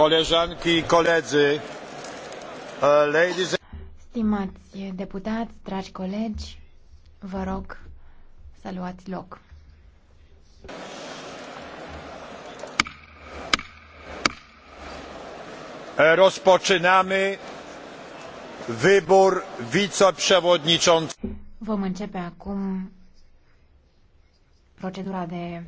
Koleżanki i koledzy, ladies... Stimați deputați, dragi colegi, vă rog să luați loc. Rozpoczynamy wybór wiceprzewodniczącego. Vom începe acum procedura de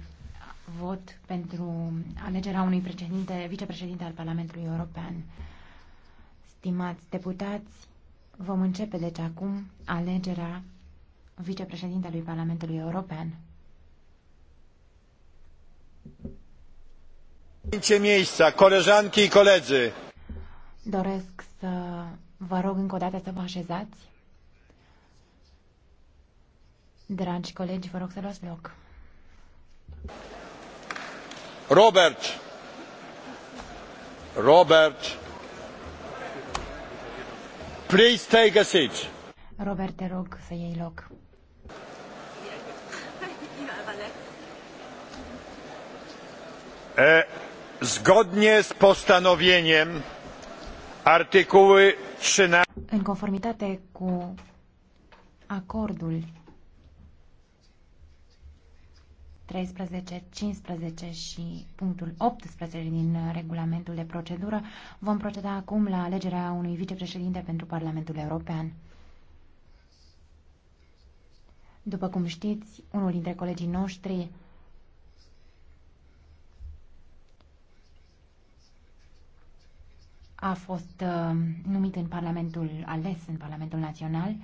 vot pentru alegerea unui președinte, vicepreședinte al Parlamentului European. Stimați deputați, vom începe deci acum alegerea vicepreședintelui Parlamentului European. Miejsca, koleżanki i koledzy. Doresc să vă rog încă o dată să vă așezați. Dragi colegi, vă rog să luați loc. Robert. Robert. Please take a seat. Robert, te rog să iei loc. zgodnie z postanowieniem artykuły 13. În conformitate cu acordul 13, 15 și punctul 18 din uh, regulamentul de procedură, vom proceda acum la alegerea unui vicepreședinte pentru Parlamentul European. După cum știți, unul dintre colegii noștri a fost uh, numit în Parlamentul, ales în Parlamentul Național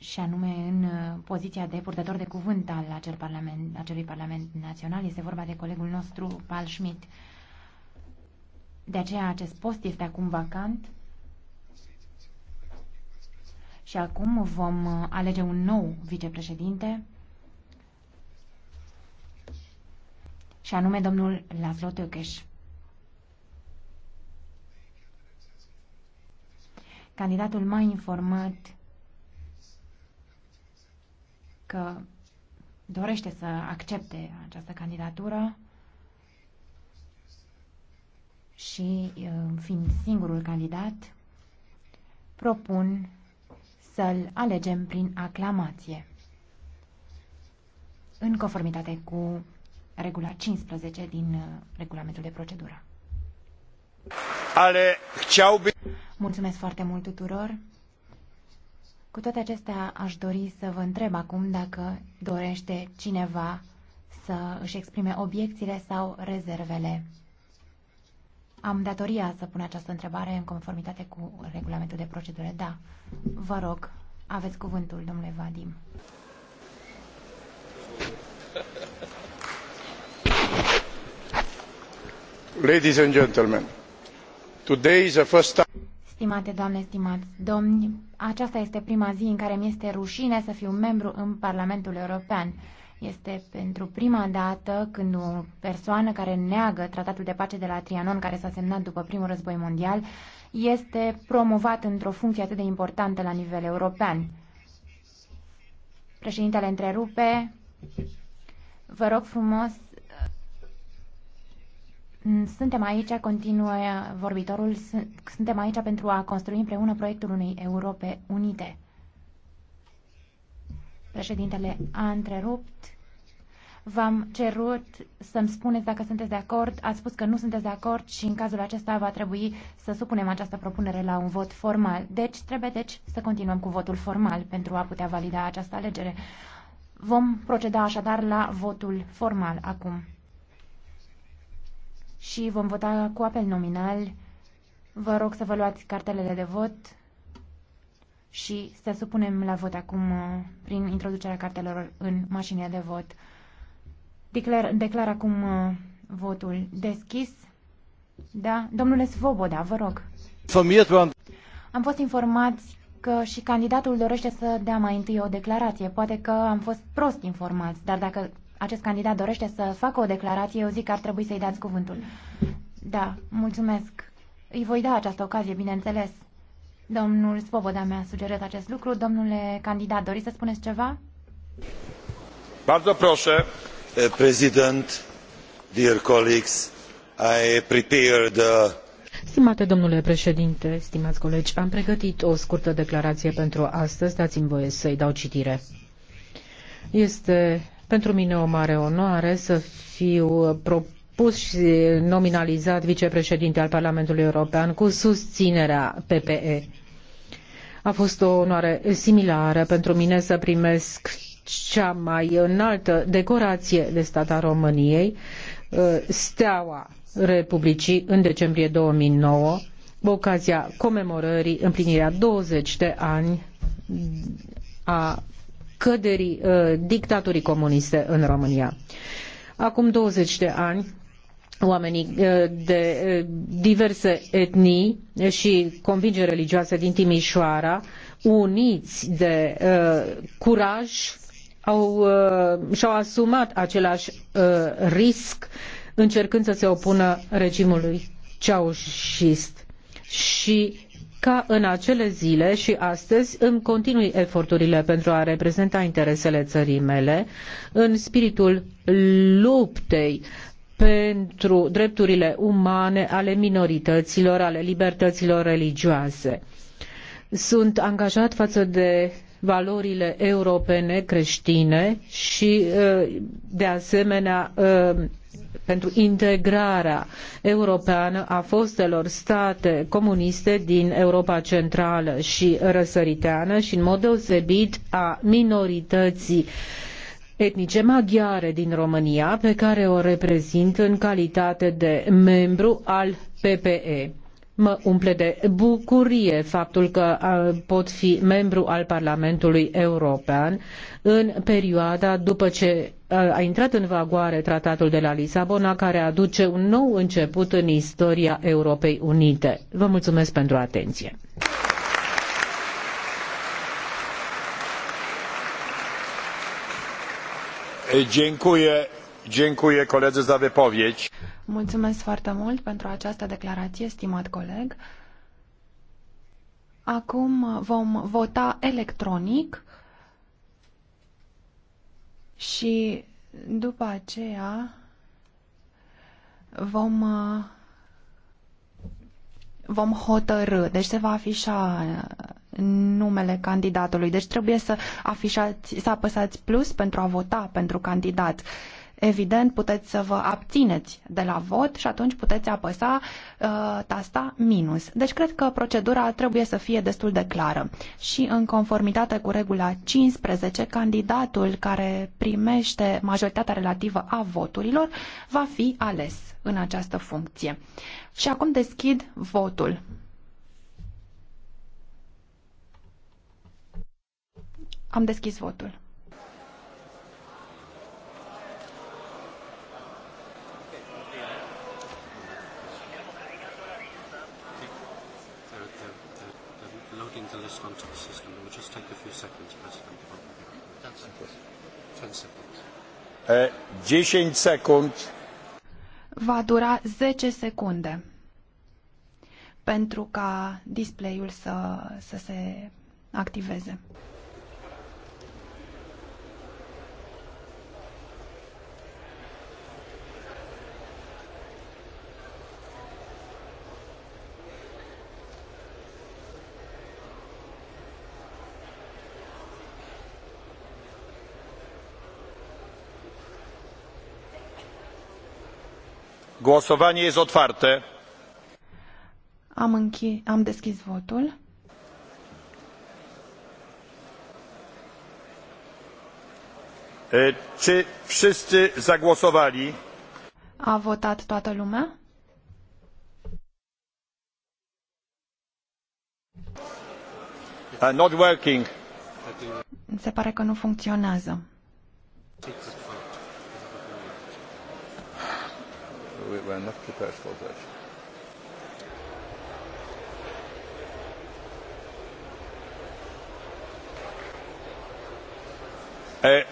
și anume în uh, poziția de purtător de cuvânt al acel parlament, acelui Parlament Național. Este vorba de colegul nostru, Paul Schmidt. De aceea acest post este acum vacant și acum vom uh, alege un nou vicepreședinte și anume domnul Laszlo Tökes. Candidatul m-a informat că dorește să accepte această candidatură și, uh, fiind singurul candidat, propun să-l alegem prin aclamație. În conformitate cu regula 15 din uh, regulamentul de procedură. Ale chciałby... Mulțumesc foarte mult tuturor. Cu toate acestea, aș dori să vă întreb acum dacă dorește cineva să își exprime obiecțiile sau rezervele. Am datoria să pun această întrebare în conformitate cu regulamentul de procedură. Da, vă rog, aveți cuvântul, domnule Vadim. Ladies and gentlemen, today is the first time... Stimate doamne, stimați domni, aceasta este prima zi în care mi este rușine să fiu membru în Parlamentul European. Este pentru prima dată când o persoană care neagă tratatul de pace de la Trianon, care s-a semnat după primul război mondial, este promovat într-o funcție atât de importantă la nivel european. Președintele întrerupe. Vă rog frumos suntem aici, continuă vorbitorul, suntem aici pentru a construi împreună proiectul unei Europe unite. Președintele a întrerupt. V-am cerut să-mi spuneți dacă sunteți de acord. Ați spus că nu sunteți de acord și în cazul acesta va trebui să supunem această propunere la un vot formal. Deci trebuie deci să continuăm cu votul formal pentru a putea valida această alegere. Vom proceda așadar la votul formal acum și vom vota cu apel nominal. Vă rog să vă luați cartelele de vot și să supunem la vot acum uh, prin introducerea cartelor în mașinile de vot. Declar, declar acum uh, votul deschis. Da? Domnule Svoboda, vă rog. Am fost informați că și candidatul dorește să dea mai întâi o declarație. Poate că am fost prost informați, dar dacă acest candidat dorește să facă o declarație, eu zic că ar trebui să-i dați cuvântul. Da, mulțumesc. Îi voi da această ocazie, bineînțeles. Domnul Svoboda mi-a sugerat acest lucru. Domnule candidat, doriți să spuneți ceva? Bardzo proszę. Eh, President, dear colleagues, I prepared the... Stimate domnule președinte, stimați colegi, am pregătit o scurtă declarație pentru astăzi, dați-mi voie să-i dau citire. Este pentru mine o mare onoare să fiu propus pus și nominalizat vicepreședinte al Parlamentului European cu susținerea PPE. A fost o onoare similară pentru mine să primesc cea mai înaltă decorație de stat a României, ă, Steaua Republicii, în decembrie 2009, cu ocazia comemorării împlinirea 20 de ani a căderii uh, dictaturii comuniste în România. Acum 20 de ani, oamenii uh, de uh, diverse etnii și convingeri religioase din Timișoara, uniți de curaj, au, și-au asumat același risc încercând să se opună regimului ceaușist. Și ca în acele zile și astăzi îmi continui eforturile pentru a reprezenta interesele țării mele în spiritul luptei pentru drepturile umane ale minorităților, ale libertăților religioase. Sunt angajat față de valorile europene creștine și uh, de asemenea uh, pentru integrarea europeană a fostelor state comuniste din Europa Centrală și Răsăriteană și în mod deosebit a minorității etnice maghiare din România, pe care o reprezint în calitate de membru al PPE. Mă umple de bucurie faptul că pot fi membru al Parlamentului European în perioada după ce a intrat în vagoare tratatul de la Lisabona, care aduce un nou început în istoria Europei Unite. Vă mulțumesc pentru atenție. Dziękuję, dziękuję koledze za wypowiedź. Mulțumesc foarte mult pentru această declarație, stimat coleg. Acum vom vota electronic și după aceea vom uh, vom hotărâ, deci se va afișa uh, numele candidatului. Deci trebuie să afișați, să apăsați plus pentru a vota pentru candidat. Evident, puteți să vă abțineți de la vot și atunci puteți apăsa uh, tasta minus. Deci cred că procedura trebuie să fie destul de clară. Și în conformitate cu regula 15, candidatul care primește majoritatea relativă a voturilor va fi ales în această funcție. Și acum deschid votul. Am deschis votul. 10 secund. Va dura 10 secunde pentru ca display-ul să, să se activeze. Głosowanie jest otwarte. Am, închi... am deschis votul. Czy wszyscy zagłosowali? A votat toată lumea? Uh, not working. Se pare că nu funcționează. we were not prepared for that. Uh,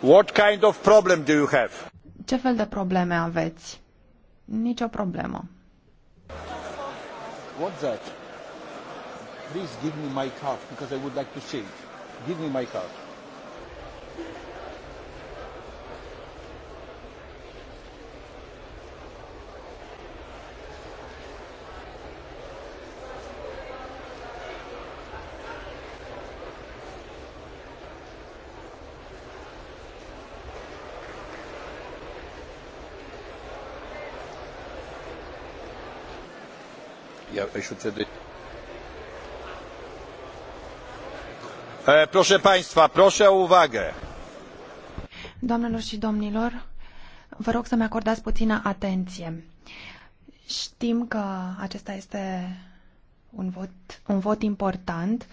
what kind of problem do you have? Ce fel de probleme aveți? Nicio problemă. What's that? Please give me my card because I would like to see Give me my card. yeah, I should say Proszę Państwa, proszę o uwagę. Doamnelor și domnilor, vă rog să-mi acordați puțină atenție. Știm că acesta este un vot, un vot important,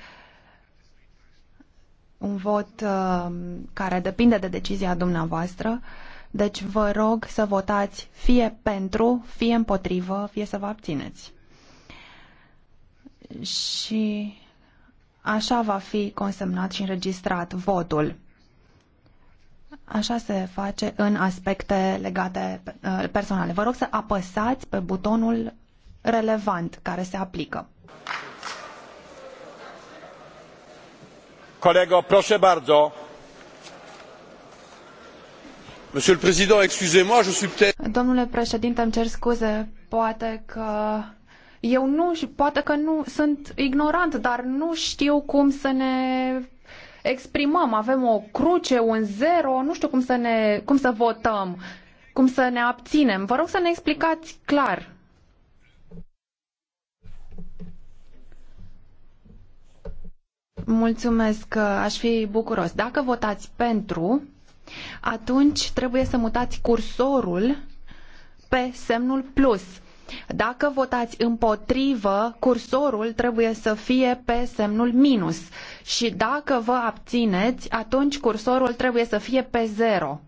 un vot uh, care depinde de decizia dumneavoastră, deci vă rog să votați fie pentru, fie împotrivă, fie să vă abțineți și așa va fi consemnat și înregistrat votul. Așa se face în aspecte legate eh, personale. Vă rog să apăsați pe butonul relevant care se aplică. Colego, proszę bardzo. Monsieur le Président, excusez-moi, je suis peut-être... Domnule președinte, îmi cer scuze, poate că eu nu poate că nu sunt ignorant, dar nu știu cum să ne exprimăm. Avem o cruce, un zero, nu știu cum să ne cum să votăm, cum să ne abținem. Vă rog să ne explicați clar. Mulțumesc, aș fi bucuros. Dacă votați pentru, atunci trebuie să mutați cursorul pe semnul plus dacă votați împotrivă, cursorul trebuie să fie pe semnul minus și dacă vă abțineți, atunci cursorul trebuie să fie pe zero.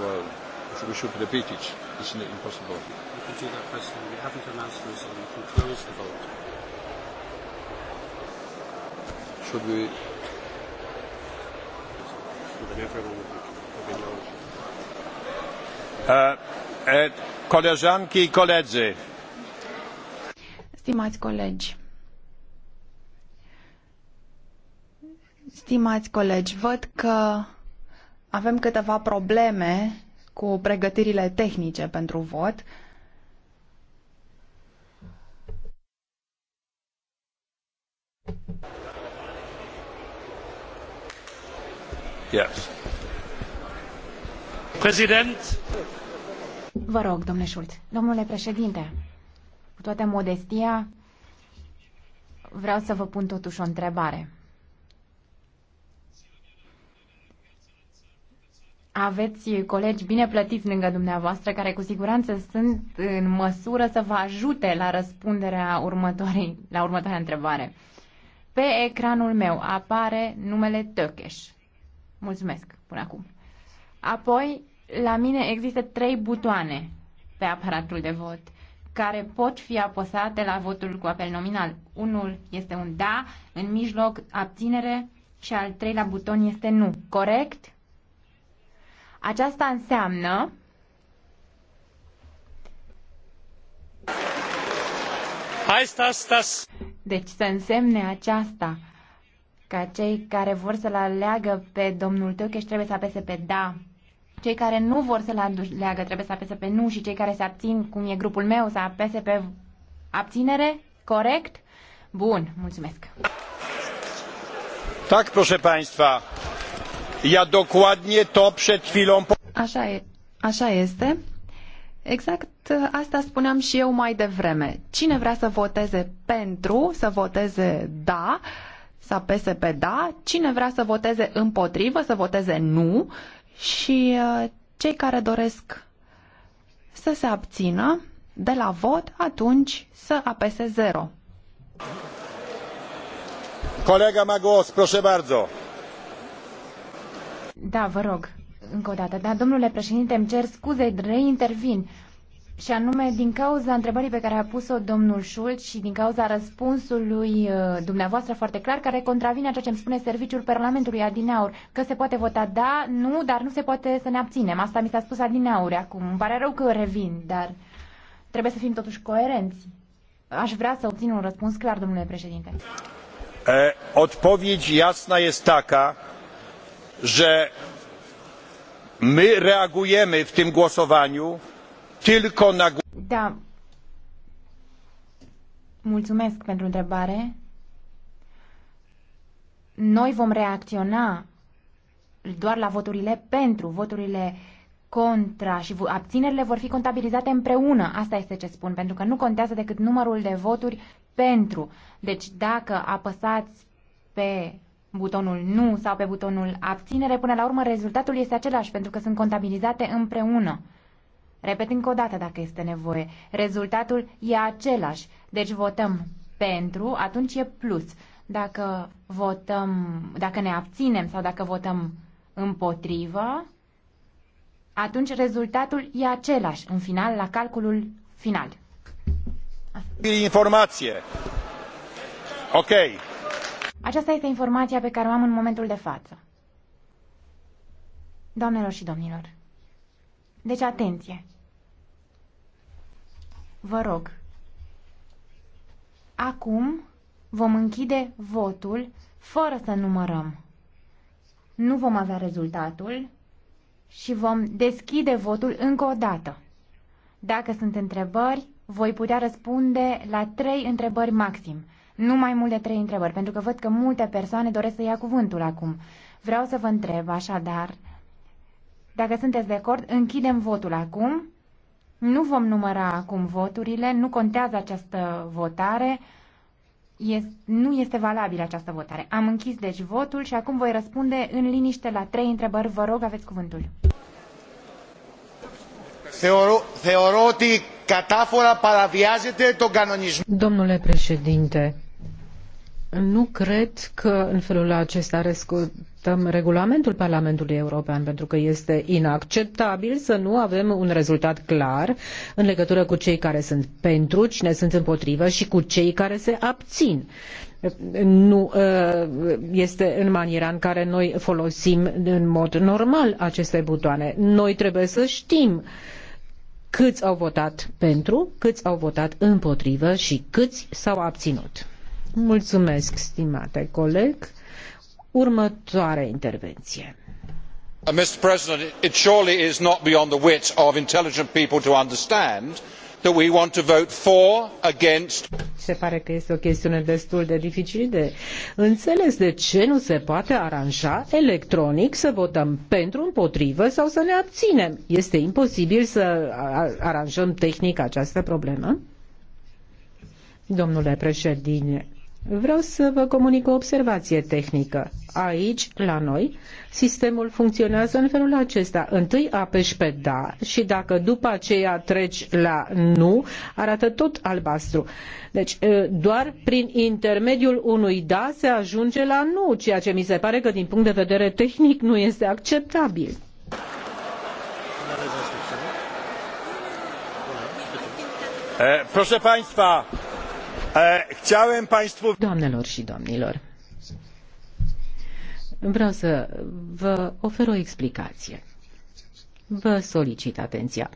Well, we should repeat it. It's impossible. We do that We haven't announced We can close the vote. Should we Koleżanki i koledzy. Stimați colegi. Stimați colegi, văd că avem câteva probleme cu pregătirile tehnice pentru vot. Vă rog, domnule Schulz. Domnule președinte, cu toată modestia, vreau să vă pun totuși o întrebare. aveți colegi bine plătiți lângă dumneavoastră care cu siguranță sunt în măsură să vă ajute la răspunderea următoarei, la următoarea întrebare. Pe ecranul meu apare numele Tökeș. Mulțumesc până acum. Apoi, la mine există trei butoane pe aparatul de vot care pot fi apăsate la votul cu apel nominal. Unul este un da, în mijloc abținere și al treilea buton este nu. Corect? Aceasta înseamnă Hai, stas, stas. Deci să însemne aceasta ca cei care vor să-l aleagă pe domnul Tăcheș trebuie să apese pe da. Cei care nu vor să-l aleagă trebuie să apese pe nu și cei care se abțin, cum e grupul meu, să apese pe abținere, corect? Bun, mulțumesc. Tak, proszę państwa. Ja dokładnie to przed chwilą... Așa, e, așa este. Exact asta spuneam și eu mai devreme. Cine vrea să voteze pentru, să voteze da, să apese pe da, cine vrea să voteze împotrivă, să voteze nu și uh, cei care doresc să se abțină de la vot, atunci să apese 0. Colega magos proșe bardzo. Da, vă rog, încă o dată. Da, domnule președinte, îmi cer scuze, reintervin și anume din cauza întrebării pe care a pus-o domnul Schulz și din cauza răspunsului uh, dumneavoastră foarte clar, care contravine a ceea ce îmi spune serviciul Parlamentului Adinaur, că se poate vota da, nu, dar nu se poate să ne abținem. Asta mi s-a spus Adinaur acum. Îmi pare rău că revin, dar trebuie să fim totuși coerenți. Aș vrea să obțin un răspuns clar, domnule președinte. E, odpowiedź jasna jest taka, że my reagujemy w tym głosowaniu tylko na... Da. Mulțumesc pentru întrebare. Noi vom reacționa doar la voturile pentru, voturile contra și abținerile vor fi contabilizate împreună. Asta este ce spun, pentru că nu contează decât numărul de voturi pentru. Deci dacă apăsați pe butonul nu sau pe butonul abținere, până la urmă rezultatul este același, pentru că sunt contabilizate împreună. Repet încă o dată dacă este nevoie. Rezultatul e același. Deci votăm pentru, atunci e plus. Dacă votăm, dacă ne abținem sau dacă votăm împotrivă, atunci rezultatul e același în final la calculul final. Informație. Ok. Aceasta este informația pe care o am în momentul de față. Doamnelor și domnilor. Deci, atenție! Vă rog, acum vom închide votul fără să numărăm. Nu vom avea rezultatul și vom deschide votul încă o dată. Dacă sunt întrebări, voi putea răspunde la trei întrebări maxim. Nu mai mult de trei întrebări, pentru că văd că multe persoane doresc să ia cuvântul acum. Vreau să vă întreb așadar dacă sunteți de acord, închidem votul acum. Nu vom număra acum voturile, nu contează această votare, este, nu este valabilă această votare. Am închis deci votul și acum voi răspunde în liniște la trei întrebări. Vă rog, aveți cuvântul. Θεωρώ, θεωρώ ότι κατάφορα Domnule președinte, nu cred că în felul acesta rescutăm regulamentul Parlamentului European, pentru că este inacceptabil să nu avem un rezultat clar în legătură cu cei care sunt pentru, cine sunt împotrivă și cu cei care se abțin. Nu ă, este în maniera în care noi folosim în mod normal aceste butoane. Noi trebuie să știm câți au votat pentru, câți au votat împotrivă și câți s-au abținut. Mulțumesc, stimate coleg. Următoare intervenție. Uh, Mr. President, it surely is not beyond the wit of intelligent people to understand that we want to vote for, against. Se pare că este o chestiune destul de dificil de înțeles de ce nu se poate aranja electronic să votăm pentru, împotrivă sau să ne abținem. Este imposibil să aranjăm tehnic această problemă? Domnule președinte, Vreau să vă comunic o observație tehnică. Aici, la noi, sistemul funcționează în felul acesta. Întâi apeși pe da și dacă după aceea treci la nu, arată tot albastru. Deci, doar prin intermediul unui da se ajunge la nu, ceea ce mi se pare că din punct de vedere tehnic nu este acceptabil. Proszę Państwa, Eh, Doamnelor și domnilor, vreau să vă ofer o explicație. Vă solicit atenția.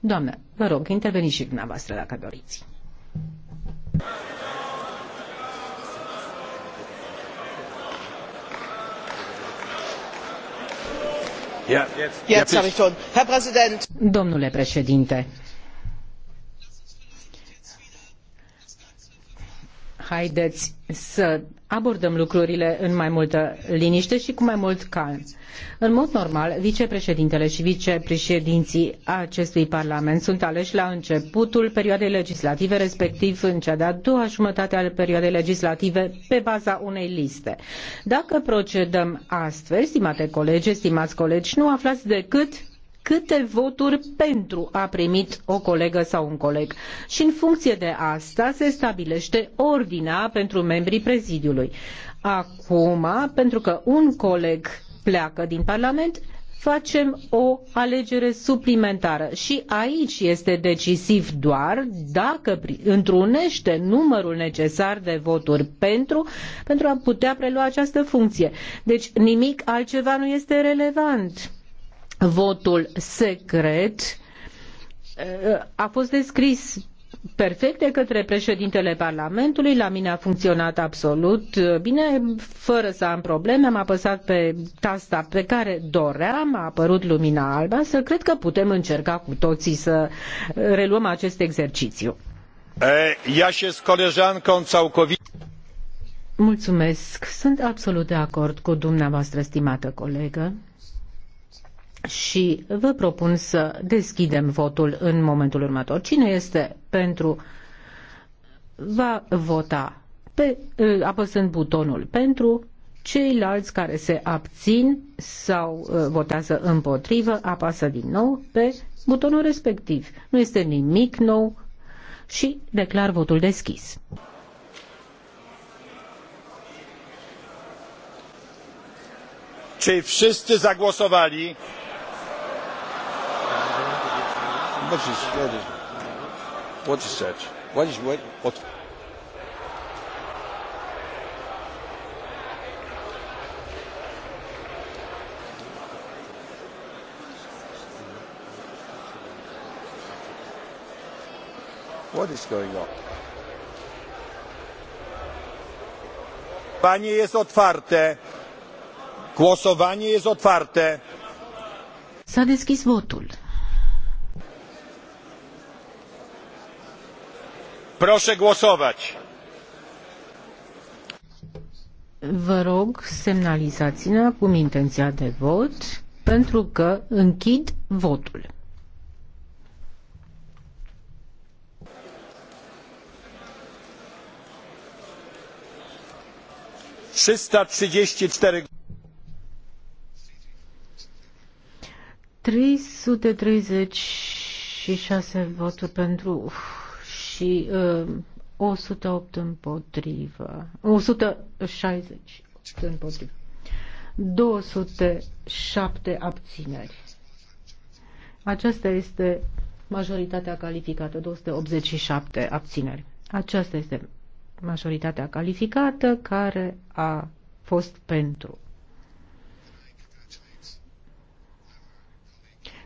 Doamnă, vă rog, interveniți și dumneavoastră dacă doriți. Domnule președinte, haideți să abordăm lucrurile în mai multă liniște și cu mai mult calm. În mod normal, vicepreședintele și vicepreședinții acestui Parlament sunt aleși la începutul perioadei legislative, respectiv în cea de-a doua jumătate a perioadei legislative, pe baza unei liste. Dacă procedăm astfel, stimate colegi, stimați colegi, nu aflați decât câte voturi pentru a primit o colegă sau un coleg. Și în funcție de asta se stabilește ordinea pentru membrii prezidiului. Acum, pentru că un coleg pleacă din Parlament, facem o alegere suplimentară și aici este decisiv doar dacă întrunește numărul necesar de voturi pentru, pentru a putea prelua această funcție. Deci nimic altceva nu este relevant votul secret a fost descris perfect de către președintele Parlamentului, la mine a funcționat absolut bine, fără să am probleme, am apăsat pe tasta pe care doream, a apărut lumina albă, să cred că putem încerca cu toții să reluăm acest exercițiu. Mulțumesc, sunt absolut de acord cu dumneavoastră, stimată colegă și vă propun să deschidem votul în momentul următor. Cine este pentru va vota pe, ă, apăsând butonul pentru, ceilalți care se abțin sau ă, votează împotrivă apasă din nou pe butonul respectiv. Nu este nimic nou și declar votul deschis. Cei wszyscy zagłosowali? what is what is what is that? What is what? what? What is going on? Głosowanie jest otwarte. Głosowanie jest otwarte. S-a deschis votul. Proszę głosować. Vă rog, semnalizați-ne acum intenția de vot, pentru că închid votul. trei sute treizeci și șase voturi pentru. Uf și 108 uh, împotrivă, 160 împotrivă, 207 abțineri. Aceasta este majoritatea calificată, 287 abțineri. Aceasta este majoritatea calificată care a fost pentru.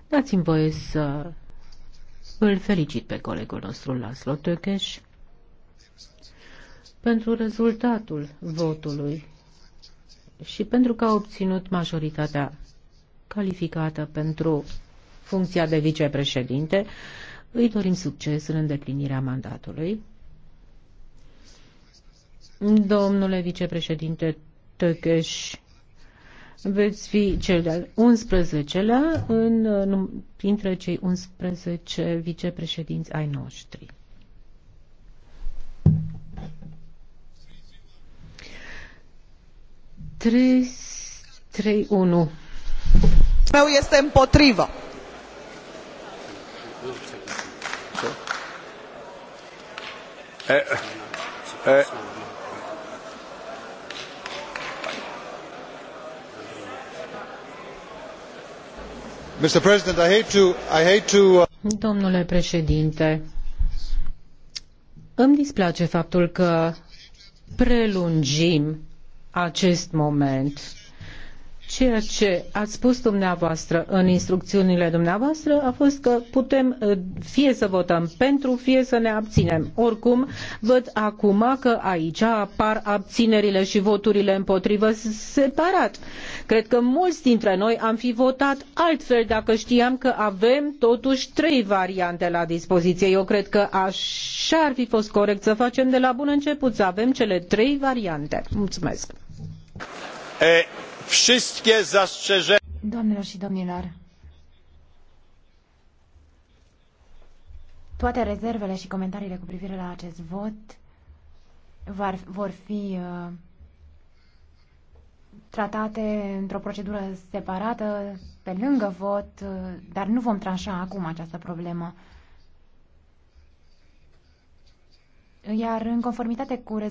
Dați-mi voie să îl felicit pe colegul nostru, Laszlo Tökes pentru rezultatul votului și pentru că a obținut majoritatea calificată pentru funcția de vicepreședinte, îi dorim succes în îndeplinirea mandatului. Domnule vicepreședinte Tökes veți fi cel de-al 11-lea în, printre cei 11 vicepreședinți ai noștri. Trei, trei, unu. meu este împotrivă. Uh, uh. Uh, Domnule președinte, îmi displace faptul că prelungim acest moment Ceea ce ați spus dumneavoastră în instrucțiunile dumneavoastră a fost că putem uh, fie să votăm pentru, fie să ne abținem. Oricum, văd acum că aici apar abținerile și voturile împotrivă separat. Cred că mulți dintre noi am fi votat altfel dacă știam că avem totuși trei variante la dispoziție. Eu cred că așa ar fi fost corect să facem de la bun început, să avem cele trei variante. Mulțumesc! Eh, Wszystkie zastrzeżenia. și domnilor, toate rezervele și comentariile cu privire la acest vot vor fi uh, tratate într-o procedură separată, pe lângă vot, uh, dar nu vom tranșa acum această problemă. Iar în conformitate cu uh,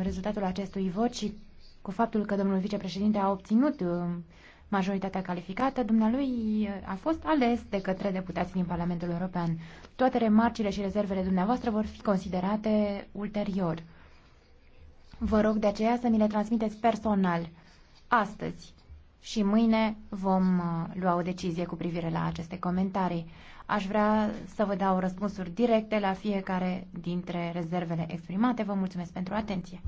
rezultatul acestui vot și cu faptul că domnul vicepreședinte a obținut uh, majoritatea calificată, dumnealui uh, a fost ales de către deputații din Parlamentul European. Toate remarcile și rezervele dumneavoastră vor fi considerate ulterior. Vă rog de aceea să mi le transmiteți personal, astăzi și mâine vom uh, lua o decizie cu privire la aceste comentarii. Aș vrea să vă dau răspunsuri directe la fiecare dintre rezervele exprimate. Vă mulțumesc pentru atenție.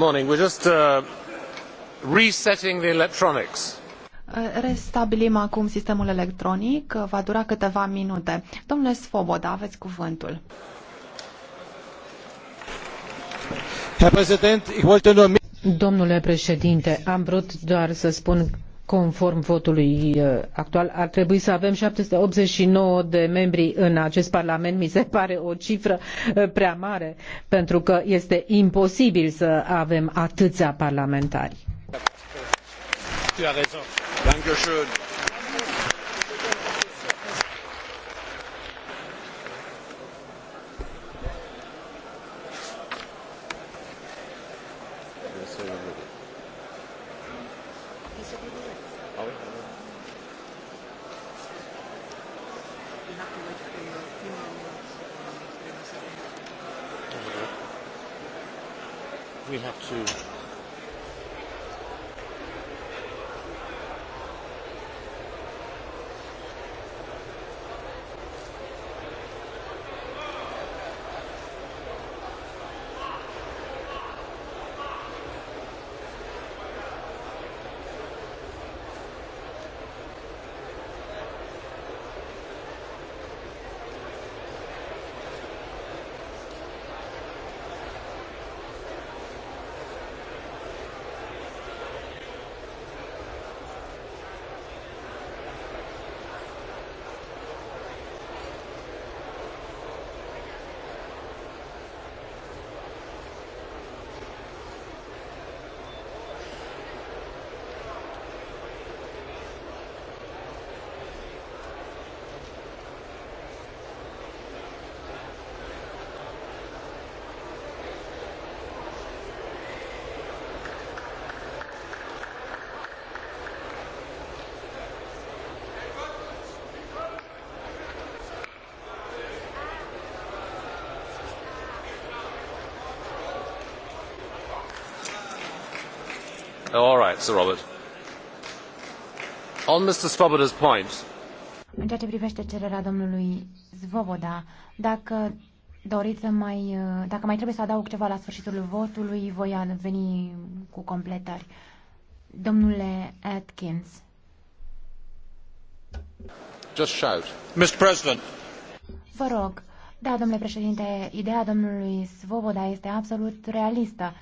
morning. We're just uh, uh, Restabilim acum sistemul electronic, uh, va dura câteva minute. Domnule Svoboda, aveți cuvântul. Herr Präsident, ich wollte nur Domnule președinte, am vrut doar să spun conform votului uh, actual, ar trebui să avem 789 de membri în acest Parlament. Mi se pare o cifră uh, prea mare, pentru că este imposibil să avem atâția parlamentari. Tu as raison. right, Sir Robert. On Mr. point. În ceea ce privește cererea domnului Svoboda, dacă doriți să mai, uh, dacă mai trebuie să adaug ceva la sfârșitul votului, voi veni cu completări. Domnule Atkins. Just shout. Mr. President. Vă rog. Da, domnule președinte, ideea domnului Svoboda este absolut realistă.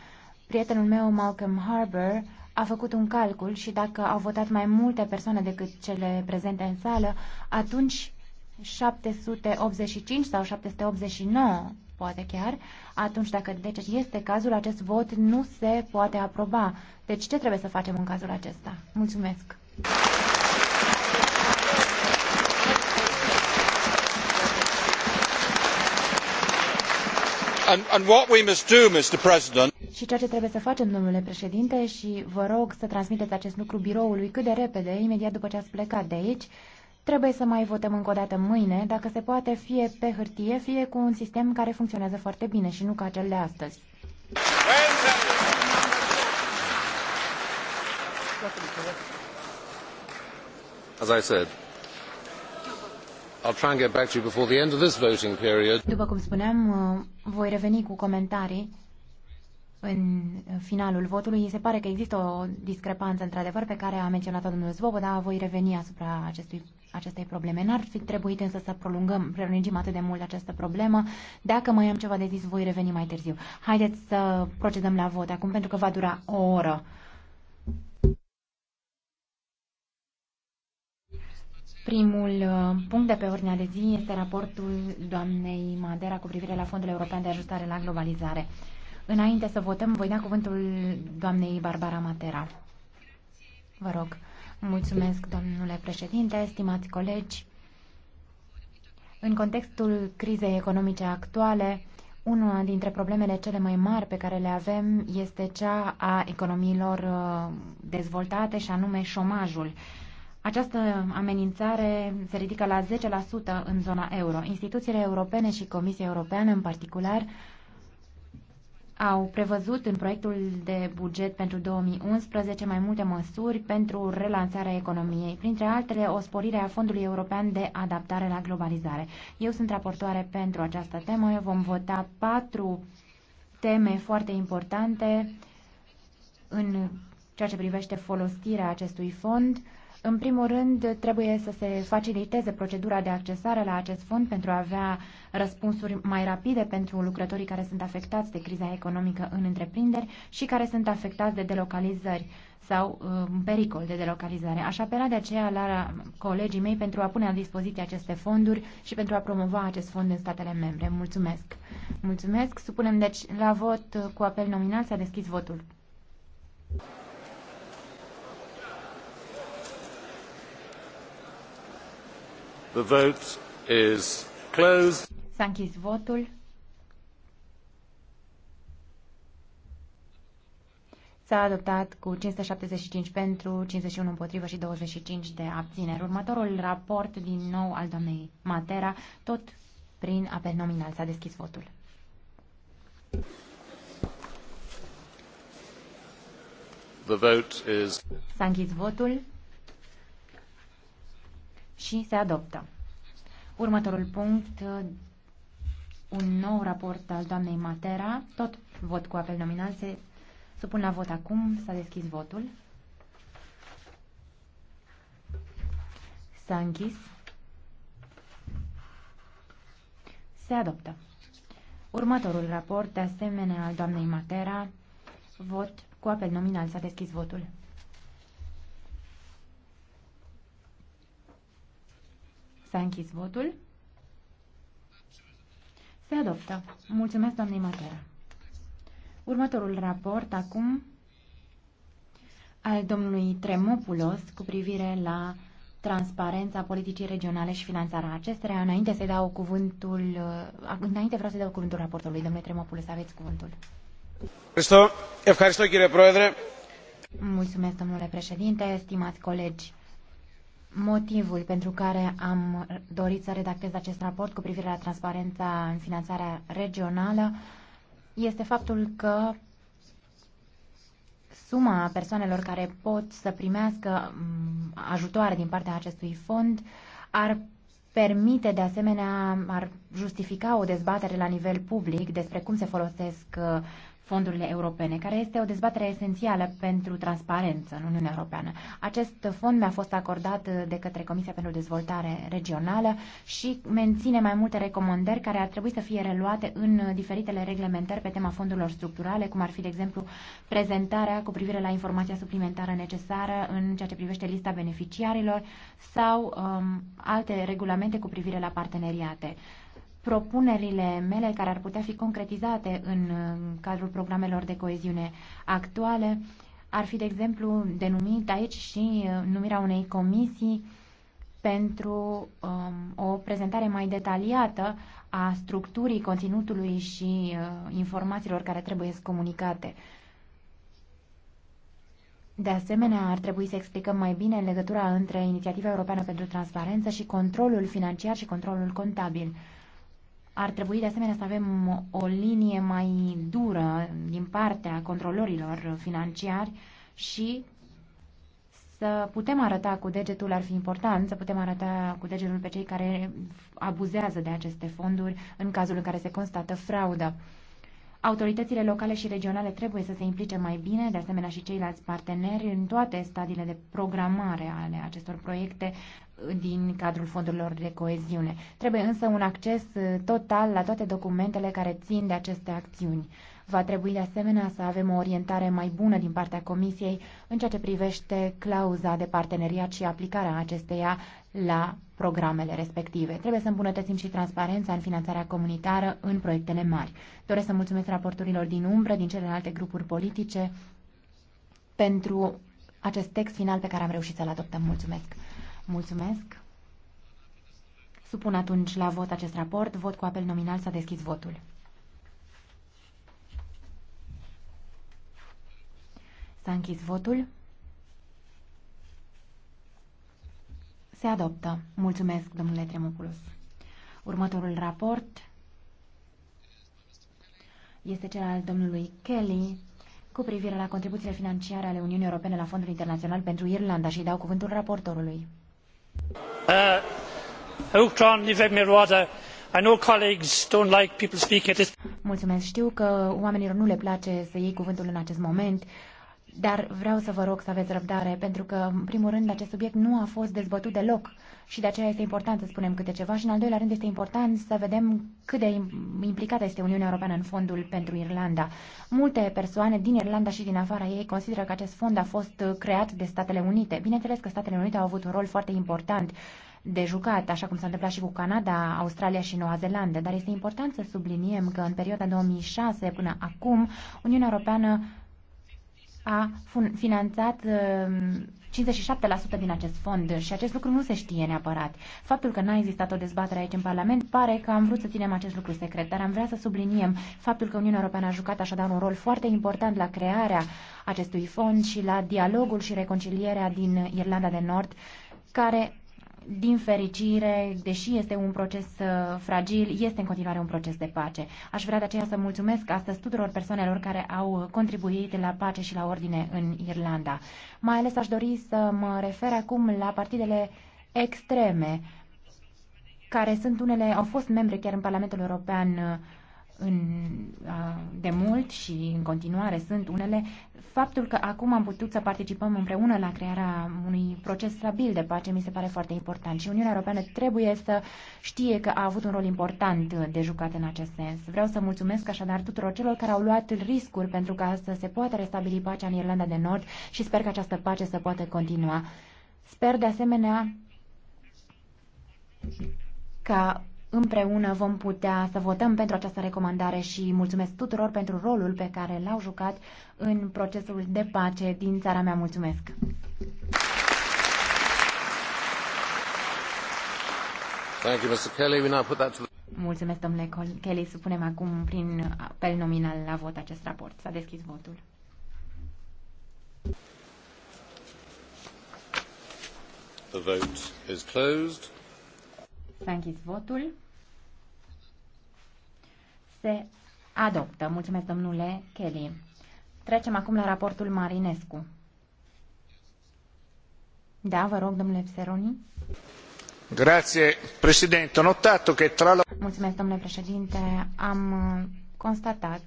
Prietenul meu, Malcolm Harbour, a făcut un calcul și dacă au votat mai multe persoane decât cele prezente în sală, atunci 785 sau 789, poate chiar, atunci dacă deci este cazul, acest vot nu se poate aproba. Deci ce trebuie să facem în cazul acesta? Mulțumesc! Și ceea ce trebuie să facem, domnule președinte, și vă rog să transmiteți acest lucru biroului cât de repede, imediat după ce ați plecat de aici, trebuie să mai votăm încă o dată mâine, dacă se poate, fie pe hârtie, fie cu un sistem care funcționează foarte bine și nu ca cel de astăzi. As I said, după cum spuneam, uh, voi reveni cu comentarii în finalul votului. Se pare că există o discrepanță, într-adevăr, pe care a menționat-o domnul dar Voi reveni asupra acestui, acestei probleme. N-ar fi trebuit însă să prolungăm, prelungim atât de mult această problemă. Dacă mai am ceva de zis, voi reveni mai târziu. Haideți să procedăm la vot acum, pentru că va dura o oră. Primul uh, punct de pe ordinea de zi este raportul doamnei Madera cu privire la Fondul European de Ajustare la Globalizare. Înainte să votăm, voi da cuvântul doamnei Barbara Matera. Vă rog. Mulțumesc, domnule președinte, stimați colegi. În contextul crizei economice actuale, una dintre problemele cele mai mari pe care le avem este cea a economiilor uh, dezvoltate și anume șomajul. Această amenințare se ridică la 10% în zona euro. Instituțiile europene și Comisia Europeană în particular au prevăzut în proiectul de buget pentru 2011 mai multe măsuri pentru relansarea economiei, printre altele o sporire a Fondului European de Adaptare la Globalizare. Eu sunt raportoare pentru această temă. Vom vota patru teme foarte importante în ceea ce privește folosirea acestui fond în primul rând, trebuie să se faciliteze procedura de accesare la acest fond pentru a avea răspunsuri mai rapide pentru lucrătorii care sunt afectați de criza economică în întreprinderi și care sunt afectați de delocalizări sau uh, în pericol de delocalizare. Aș apela de aceea la colegii mei pentru a pune la dispoziție aceste fonduri și pentru a promova acest fond în statele membre. Mulțumesc! Mulțumesc! Supunem deci la vot uh, cu apel nominal. S-a deschis votul. The vote is closed. S-a închis votul. S-a adoptat cu 575 pentru, 51 împotrivă și 25 de abțineri. Următorul raport din nou al doamnei Matera, tot prin apel nominal. S-a deschis votul. The vote is... S-a închis votul și se adoptă. Următorul punct, un nou raport al doamnei Matera, tot vot cu apel nominal, se supun la vot acum, s-a deschis votul. S-a închis. Se adoptă. Următorul raport, de asemenea, al doamnei Matera, vot cu apel nominal, s-a deschis votul. S-a închis votul. Se adoptă. Mulțumesc, doamnei Matera. Următorul raport acum al domnului Tremopulos cu privire la transparența politicii regionale și finanțarea acestea. Înainte să dau cuvântul, uh, înainte vreau să dau cuvântul raportului. Domnule Tremopulos, aveți cuvântul. Mulțumesc, domnule președinte, stimați colegi. Motivul pentru care am dorit să redactez acest raport cu privire la transparența în finanțarea regională este faptul că suma persoanelor care pot să primească mm, ajutoare din partea acestui fond ar permite de asemenea, ar justifica o dezbatere la nivel public despre cum se folosesc uh, fondurile europene, care este o dezbatere esențială pentru transparență în Uniunea Europeană. Acest fond mi-a fost acordat de către Comisia pentru Dezvoltare Regională și menține mai multe recomandări care ar trebui să fie reluate în diferitele reglementări pe tema fondurilor structurale, cum ar fi, de exemplu, prezentarea cu privire la informația suplimentară necesară în ceea ce privește lista beneficiarilor sau um, alte regulamente cu privire la parteneriate propunerile mele care ar putea fi concretizate în uh, cadrul programelor de coeziune actuale ar fi, de exemplu, denumit aici și uh, numirea unei comisii pentru um, o prezentare mai detaliată a structurii conținutului și uh, informațiilor care trebuie să comunicate. De asemenea, ar trebui să explicăm mai bine legătura între Inițiativa Europeană pentru Transparență și controlul financiar și controlul contabil. Ar trebui de asemenea să avem o linie mai dură din partea controlorilor financiari și să putem arăta cu degetul ar fi important, să putem arăta cu degetul pe cei care abuzează de aceste fonduri în cazul în care se constată fraudă. Autoritățile locale și regionale trebuie să se implice mai bine, de asemenea și ceilalți parteneri, în toate stadiile de programare ale acestor proiecte din cadrul fondurilor de coeziune. Trebuie însă un acces uh, total la toate documentele care țin de aceste acțiuni. Va trebui de asemenea să avem o orientare mai bună din partea Comisiei în ceea ce privește clauza de parteneriat și aplicarea acesteia la programele respective. Trebuie să îmbunătățim și transparența în finanțarea comunitară în proiectele mari. Doresc să mulțumesc raporturilor din umbră, din celelalte grupuri politice, pentru acest text final pe care am reușit să-l adoptăm. Mulțumesc! Mulțumesc! Supun atunci la vot acest raport. Vot cu apel nominal s-a deschis votul. S-a închis votul. Se adoptă. Mulțumesc, domnule Tremopoulos. Următorul raport este cel al domnului Kelly cu privire la contribuțiile financiare ale Uniunii Europene la Fondul Internațional pentru Irlanda și dau cuvântul raportorului. Uh, Mulțumesc. Știu că oamenilor nu le place să iei cuvântul în acest moment, dar vreau să vă rog să aveți răbdare, pentru că, în primul rând, acest subiect nu a fost dezbătut deloc și de aceea este important să spunem câte ceva și, în al doilea rând, este important să vedem cât de implicată este Uniunea Europeană în fondul pentru Irlanda. Multe persoane din Irlanda și din afara ei consideră că acest fond a fost uh, creat de Statele Unite. Bineînțeles că Statele Unite au avut un rol foarte important de jucat, așa cum s-a întâmplat și cu Canada, Australia și Noua Zeelandă, dar este important să subliniem că în perioada 2006 până acum Uniunea Europeană a finanțat 57% um, din acest fond și acest lucru nu se știe neapărat. Faptul că n-a existat o dezbatere aici în Parlament pare că am vrut să ținem acest lucru secret, dar am vrea să subliniem faptul că Uniunea Europeană a jucat așadar un rol foarte important la crearea acestui fond și la dialogul și reconcilierea din Irlanda de Nord, care din fericire, deși este un proces uh, fragil, este în continuare un proces de pace. Aș vrea de aceea să mulțumesc astăzi tuturor persoanelor care au contribuit la pace și la ordine în Irlanda. Mai ales aș dori să mă refer acum la partidele extreme, care sunt unele, au fost membre chiar în Parlamentul European uh, în, de mult și în continuare sunt unele, faptul că acum am putut să participăm împreună la crearea unui proces stabil de pace mi se pare foarte important și Uniunea Europeană trebuie să știe că a avut un rol important de jucat în acest sens. Vreau să mulțumesc așadar tuturor celor care au luat riscuri pentru ca să se poată restabili pacea în Irlanda de Nord și sper că această pace să poată continua. Sper de asemenea ca împreună vom putea să votăm pentru această recomandare și mulțumesc tuturor pentru rolul pe care l-au jucat în procesul de pace din țara mea. Mulțumesc! Thank you, Mr. Kelly. We now put that to the... Mulțumesc, domnule Kelly. Supunem acum prin apel nominal la vot acest raport. S-a deschis votul. The vote is closed. S-a închis votul. Se adoptă. Mulțumesc, domnule Kelly. Trecem acum la raportul Marinescu. Da, vă rog, domnule Pseroni. Grazie, președinte. Notat că tra la... Mulțumesc, domnule președinte. Am uh, constatat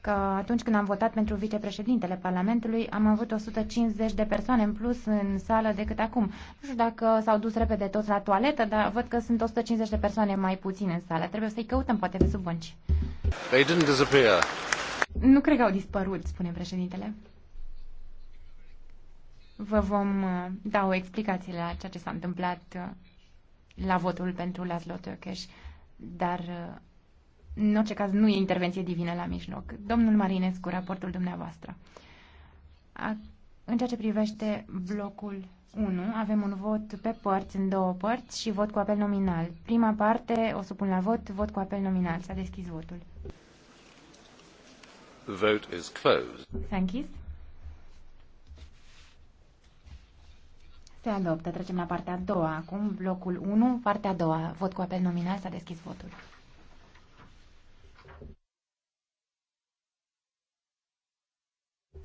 că atunci când am votat pentru vicepreședintele Parlamentului, am avut 150 de persoane în plus în sală decât acum. Nu știu dacă s-au dus repede toți la toaletă, dar văd că sunt 150 de persoane mai puține în sală. Trebuie să-i căutăm, poate pe sub bănci. They didn't disappear. Nu cred că au dispărut, spune președintele. Vă vom uh, da o explicație la ceea ce s-a întâmplat uh, la votul pentru Laszlo Tökes, dar uh, în orice caz, nu e intervenție divină la mijloc. Domnul Marinescu, raportul dumneavoastră. A, în ceea ce privește blocul 1, avem un vot pe părți, în două părți și vot cu apel nominal. Prima parte o supun la vot, vot cu apel nominal. S-a deschis votul. The vote is closed. S-a închis. Se adoptă. Trecem la partea a doua. Acum blocul 1, partea a doua. Vot cu apel nominal. S-a deschis votul.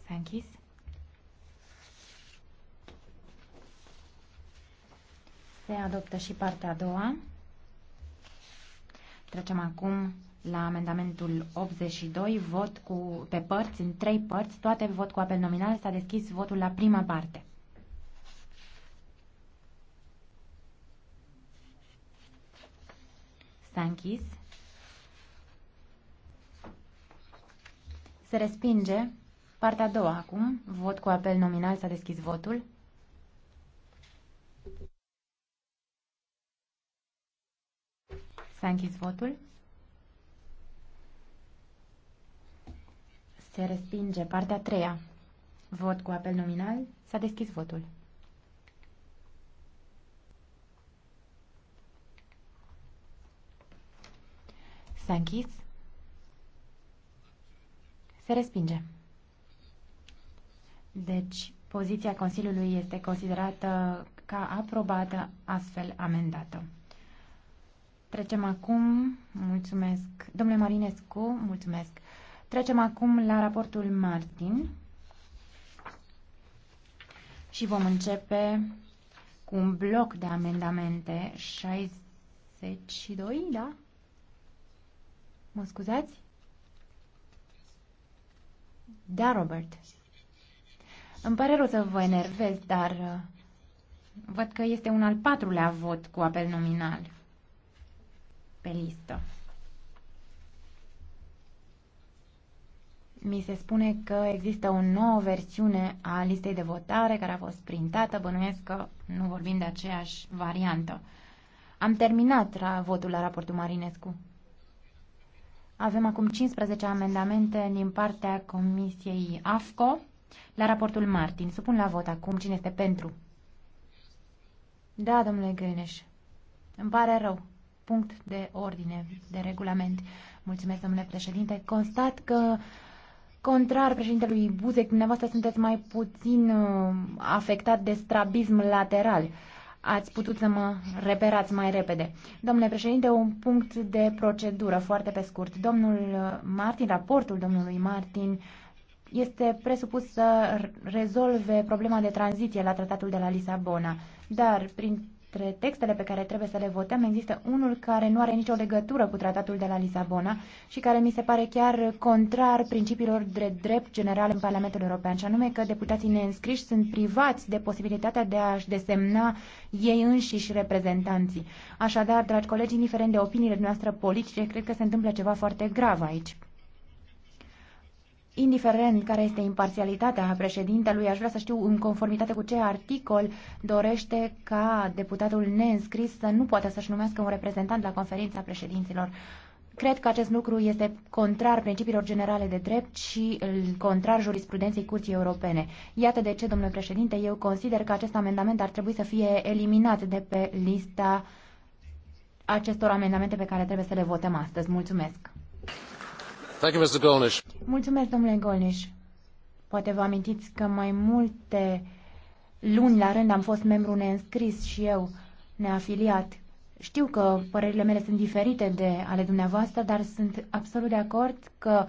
S-a închis. Se adoptă și partea a doua. Trecem acum la amendamentul 82, vot cu, pe părți, în trei părți, toate vot cu apel nominal. S-a deschis votul la prima parte. S-a închis. Se respinge Partea a doua acum, vot cu apel nominal, s-a deschis votul. S-a închis votul. Se respinge partea a treia. Vot cu apel nominal, s-a deschis votul. S-a închis. Se respinge. Deci, poziția Consiliului este considerată ca aprobată, astfel amendată. Trecem acum, mulțumesc, domnule Marinescu, mulțumesc. Trecem acum la raportul Martin și vom începe cu un bloc de amendamente 62, da? Mă scuzați? Da, Robert. Îmi pare rău să vă enervez, dar uh, văd că este un al patrulea vot cu apel nominal pe listă. Mi se spune că există o nouă versiune a listei de votare care a fost printată, bănuiesc că nu vorbim de aceeași variantă. Am terminat votul la raportul Marinescu. Avem acum 15 amendamente din partea Comisiei AFCO. La raportul Martin, supun la vot acum cine este pentru. Da, domnule Gâneș. Îmi pare rău. Punct de ordine, de regulament. Mulțumesc, domnule președinte. Constat că, contrar președintelui Buzec, dumneavoastră sunteți mai puțin uh, afectat de strabism lateral. Ați putut să mă reperați mai repede. Domnule președinte, un punct de procedură foarte pe scurt. Domnul uh, Martin, raportul domnului Martin, uh, este presupus să rezolve problema de tranziție la tratatul de la Lisabona. Dar, printre textele pe care trebuie să le votăm, există unul care nu are nicio legătură cu tratatul de la Lisabona și care mi se pare chiar contrar principiilor de drept general în Parlamentul European, și anume că deputații neînscriși sunt privați de posibilitatea de a-și desemna ei înșiși reprezentanții. Așadar, dragi colegi, indiferent de opiniile noastre politice, cred că se întâmplă ceva foarte grav aici indiferent care este imparțialitatea președintelui, aș vrea să știu în conformitate cu ce articol dorește ca deputatul neînscris să nu poată să-și numească un reprezentant la conferința președinților. Cred că acest lucru este contrar principiilor generale de drept și contrar jurisprudenței Curții Europene. Iată de ce, domnule președinte, eu consider că acest amendament ar trebui să fie eliminat de pe lista acestor amendamente pe care trebuie să le votăm astăzi. Mulțumesc! Mulțumesc, domnule Golniș. Poate vă amintiți că mai multe luni la rând am fost membru neînscris și eu, neafiliat. Știu că părerile mele sunt diferite de ale dumneavoastră, dar sunt absolut de acord că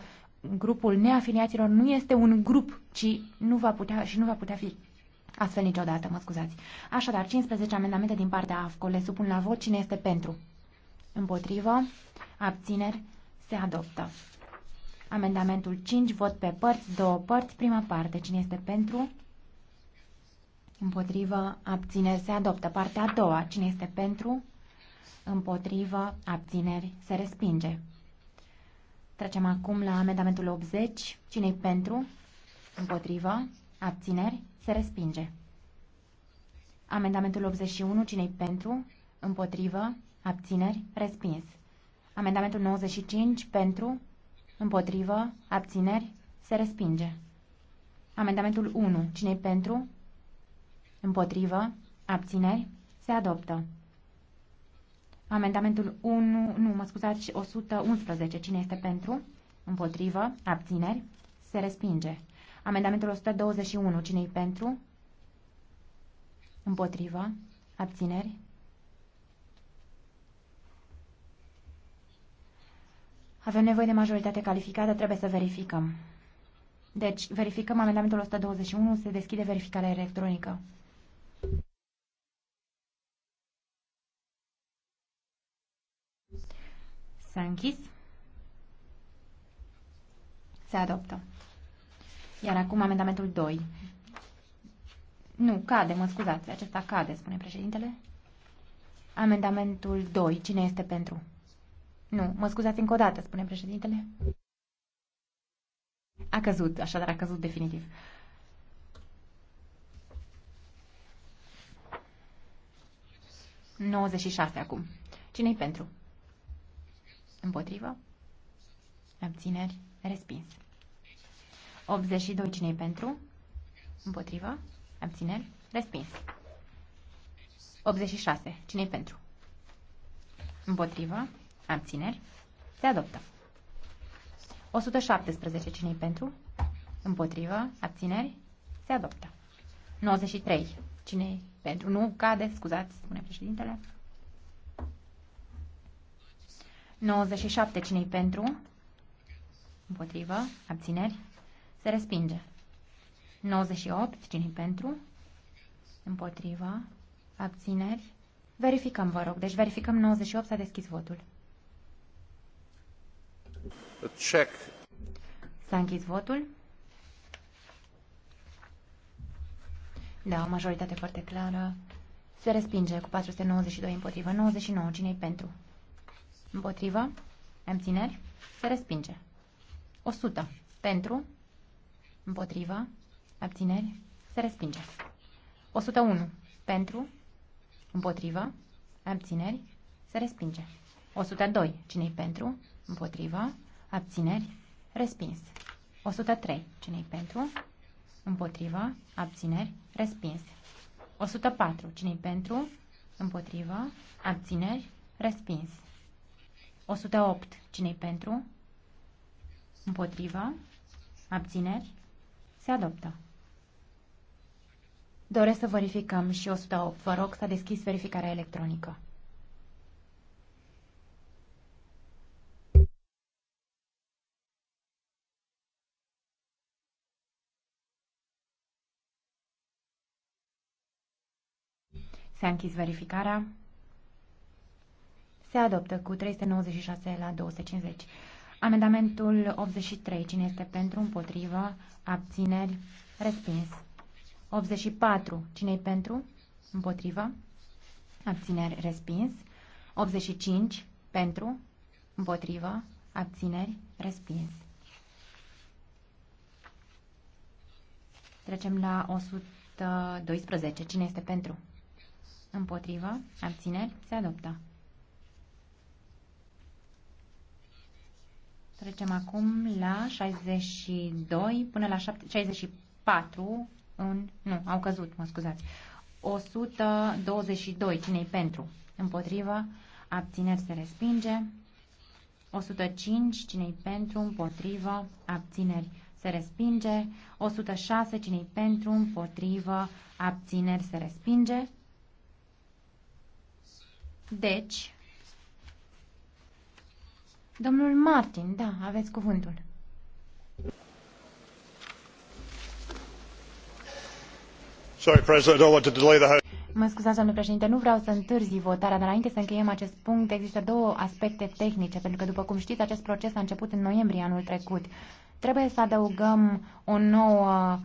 grupul neafiliaților nu este un grup, ci nu va putea și nu va putea fi astfel niciodată, mă scuzați. Așadar, 15 amendamente din partea AFCO le supun la vot. Cine este pentru? Împotrivă? Abțineri? Se adoptă. Amendamentul 5, vot pe părți, două părți, prima parte. Cine este pentru? Împotrivă, abțineri, se adoptă. Partea a doua. Cine este pentru? Împotrivă, abțineri, se respinge. Trecem acum la amendamentul 80. Cine-i pentru? Împotrivă, abțineri, se respinge. Amendamentul 81. Cine-i pentru? Împotrivă, abțineri, respins. Amendamentul 95. Pentru, Împotrivă. Abțineri. Se respinge. Amendamentul 1. cine pentru? Împotrivă. Abțineri. Se adoptă. Amendamentul 1, nu, mă scuzați, 111. Cine este pentru? Împotrivă. Abțineri. Se respinge. Amendamentul 121. Cine-i pentru? Împotrivă. Abțineri. Avem nevoie de majoritate calificată, trebuie să verificăm. Deci, verificăm amendamentul 121, se deschide verificarea electronică. S-a închis. Se adoptă. Iar acum amendamentul 2. Nu, cade, mă scuzați, acesta cade, spune președintele. Amendamentul 2, cine este pentru? Nu, mă scuzați încă o dată, spune președintele. A căzut, așadar a căzut definitiv. ...96 acum. Cine-i pentru? Împotrivă? Abțineri? Respins. 82. Cine-i pentru? Împotrivă? Abțineri? Respins. 86. Cine-i pentru? Împotrivă? Abțineri. Se adoptă. 117. cine pentru? Împotrivă. Abțineri. Se adoptă. 93. cine pentru? Nu cade. Scuzați, spune președintele. 97. cine pentru? Împotrivă. Abțineri. Se respinge. 98. cine pentru? Împotrivă. Abțineri. Verificăm, vă rog. Deci verificăm 98. S-a deschis votul. Check. S-a închis votul. Da, o majoritate foarte clară. Se respinge cu 492 împotrivă, 99 cine pentru? Împotrivă, abțineri, se respinge. 100 pentru, împotrivă, abțineri, se respinge. 101 pentru, împotrivă, abțineri, se respinge. 102 cine pentru? Împotrivă. Abțineri. Respins. 103. Cine-i pentru? Împotrivă. Abțineri. Respins. 104. Cine-i pentru? Împotrivă. Abțineri. Respins. 108. Cine-i pentru? Împotrivă. Abțineri. Se adoptă. Doresc să verificăm și 108. Vă rog să deschis verificarea electronică. S-a închis verificarea. Se adoptă cu 396 la 250. Amendamentul 83. Cine este pentru? Împotrivă? Abțineri? Respins. 84. cine e pentru? Împotrivă? Abțineri? Respins. 85. Pentru? Împotrivă? Abțineri? Respins. Trecem la 112. Cine este pentru? Împotrivă. Abțineri. Se adoptă. Trecem acum la 62 până la 7, 64 în... Nu, au căzut, mă scuzați. 122. Cine-i pentru? Împotrivă. Abțineri se respinge. 105. Cine-i pentru? Împotrivă. Abțineri se respinge. 106. Cine-i pentru? Împotrivă. Abțineri se respinge. Deci, domnul Martin, da, aveți cuvântul. Sorry, President, I don't want to delay the Mă scuzați, domnul președinte, nu vreau să întârzi votarea, dar înainte să încheiem acest punct, există două aspecte tehnice, pentru că, după cum știți, acest proces a început în noiembrie anul trecut. Trebuie să adăugăm o nouă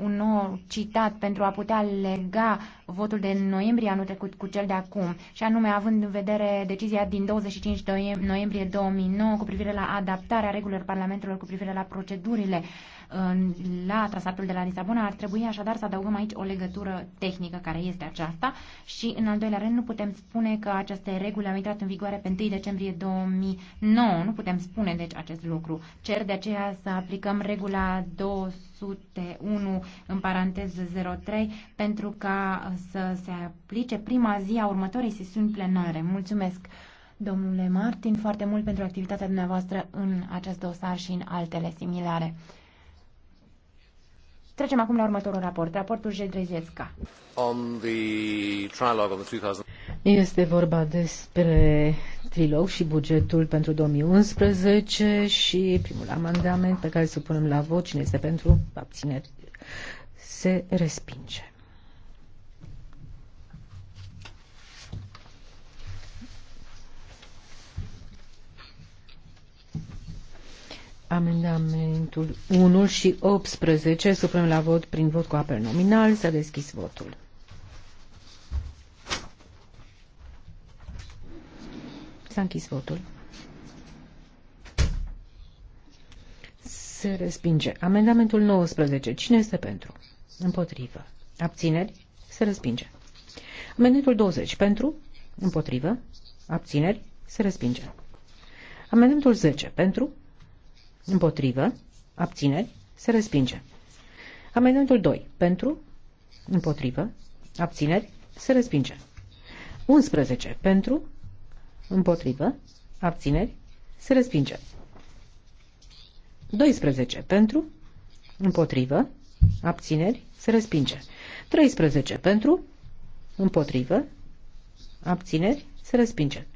un nou citat pentru a putea lega votul de noiembrie anul trecut cu cel de acum, și anume având în vedere decizia din 25 noiembrie 2009 cu privire la adaptarea regulilor Parlamentului cu privire la procedurile uh, la trasatul de la Lisabona, ar trebui așadar să adăugăm aici o legătură tehnică care este aceasta și, în al doilea rând, nu putem spune că aceste reguli au intrat în vigoare pe 1 decembrie 2009. Nu putem spune, deci, acest lucru. Cer de aceea să aplicăm regula 201 în paranteză 03 pentru ca să se aplice prima zi a următoarei sesiuni plenare. Mulțumesc! Domnule Martin, foarte mult pentru activitatea dumneavoastră în acest dosar și în altele similare. Trecem acum la următorul raport, raportul Jedreziețca. Este vorba despre trilog și bugetul pentru 2011 și primul amendament pe care îl supunem la vot. Cine este pentru? Abțineri. Se respinge. Amendamentul 1 și 18 suprem la vot prin vot cu apel nominal. S-a deschis votul. S-a închis votul. Se respinge. Amendamentul 19. Cine este pentru? Împotrivă. Abțineri? Se respinge. Amendamentul 20. Pentru? Împotrivă. Abțineri? Se respinge. Amendamentul 10. Pentru? Împotrivă. Abțineri. Se respinge. Amendamentul 2. Pentru. Împotrivă. Abțineri. Se respinge. 11. Pentru. Împotrivă. Abțineri. Se respinge. 12. Pentru. Împotrivă. Abțineri. Se respinge. 13. Pentru. Împotrivă. Abțineri. Se respinge.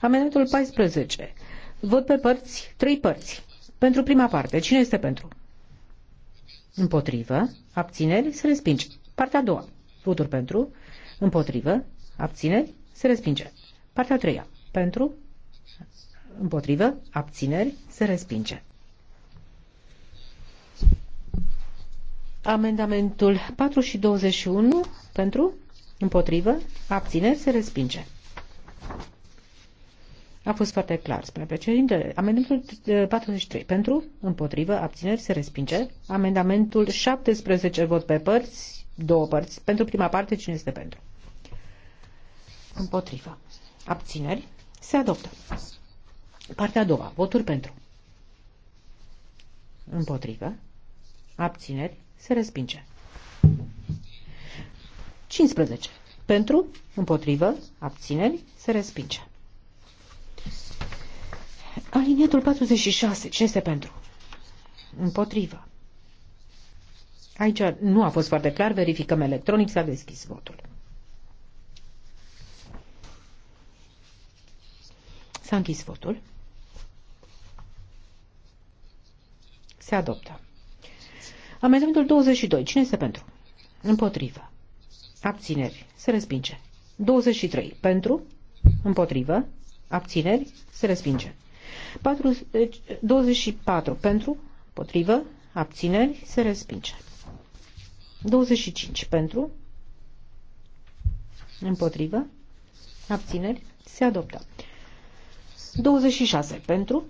Amendamentul 14. Vot pe părți. Trei părți. Pentru prima parte, cine este pentru? Împotrivă, abțineri, se respinge. Partea a doua, voturi pentru, împotrivă, abțineri, se respinge. Partea a treia, pentru, împotrivă, abțineri, se respinge. Amendamentul 4 și 21 pentru, împotrivă, abțineri, se respinge. A fost foarte clar, spune președintele. Amendamentul 43 eh, pentru, împotrivă, abțineri, se respinge. Amendamentul 17 vot pe părți, două părți. Pentru prima parte, cine este pentru? Împotrivă. Abțineri, se adoptă. Partea a doua, voturi pentru. Împotrivă. Abțineri, se respinge. 15. Pentru, împotrivă, abțineri, se respinge. Aliniatul 46. ce este pentru? Împotrivă. Aici nu a fost foarte clar. Verificăm electronic. S-a deschis votul. S-a închis votul. Se adoptă. Amendamentul 22. Cine este pentru? Împotrivă. Abțineri. Se respinge. 23. Pentru? Împotrivă. Abțineri. Se respinge. 24 deci, pentru, potrivă, abțineri, se respinge. 25 pentru, împotrivă, abțineri, se adoptă. 26 pentru,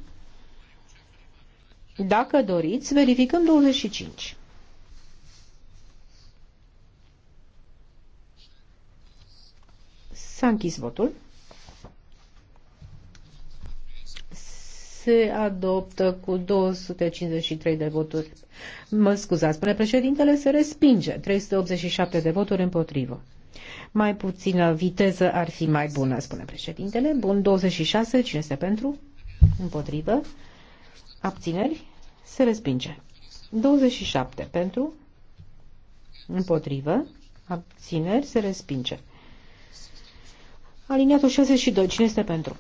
dacă doriți, verificăm 25. S-a închis votul. se adoptă cu 253 de voturi. Mă scuzați, spune președintele, se respinge 387 de voturi împotrivă. Mai puțină viteză ar fi mai bună, spune președintele. Bun, 26, cine este pentru? Împotrivă. Abțineri? Se respinge. 27 pentru? Împotrivă. Abțineri? Se respinge. Aliniatul 62, cine este pentru?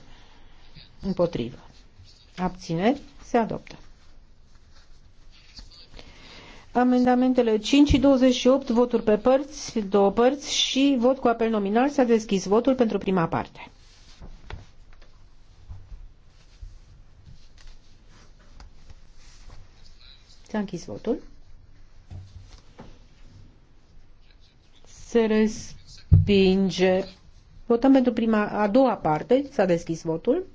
Împotrivă. Abțineri? Se adoptă. Amendamentele 5 și 28, voturi pe părți, două părți și vot cu apel nominal s-a deschis votul pentru prima parte. S-a închis votul. Se respinge. Votăm pentru prima, a doua parte. S-a deschis votul.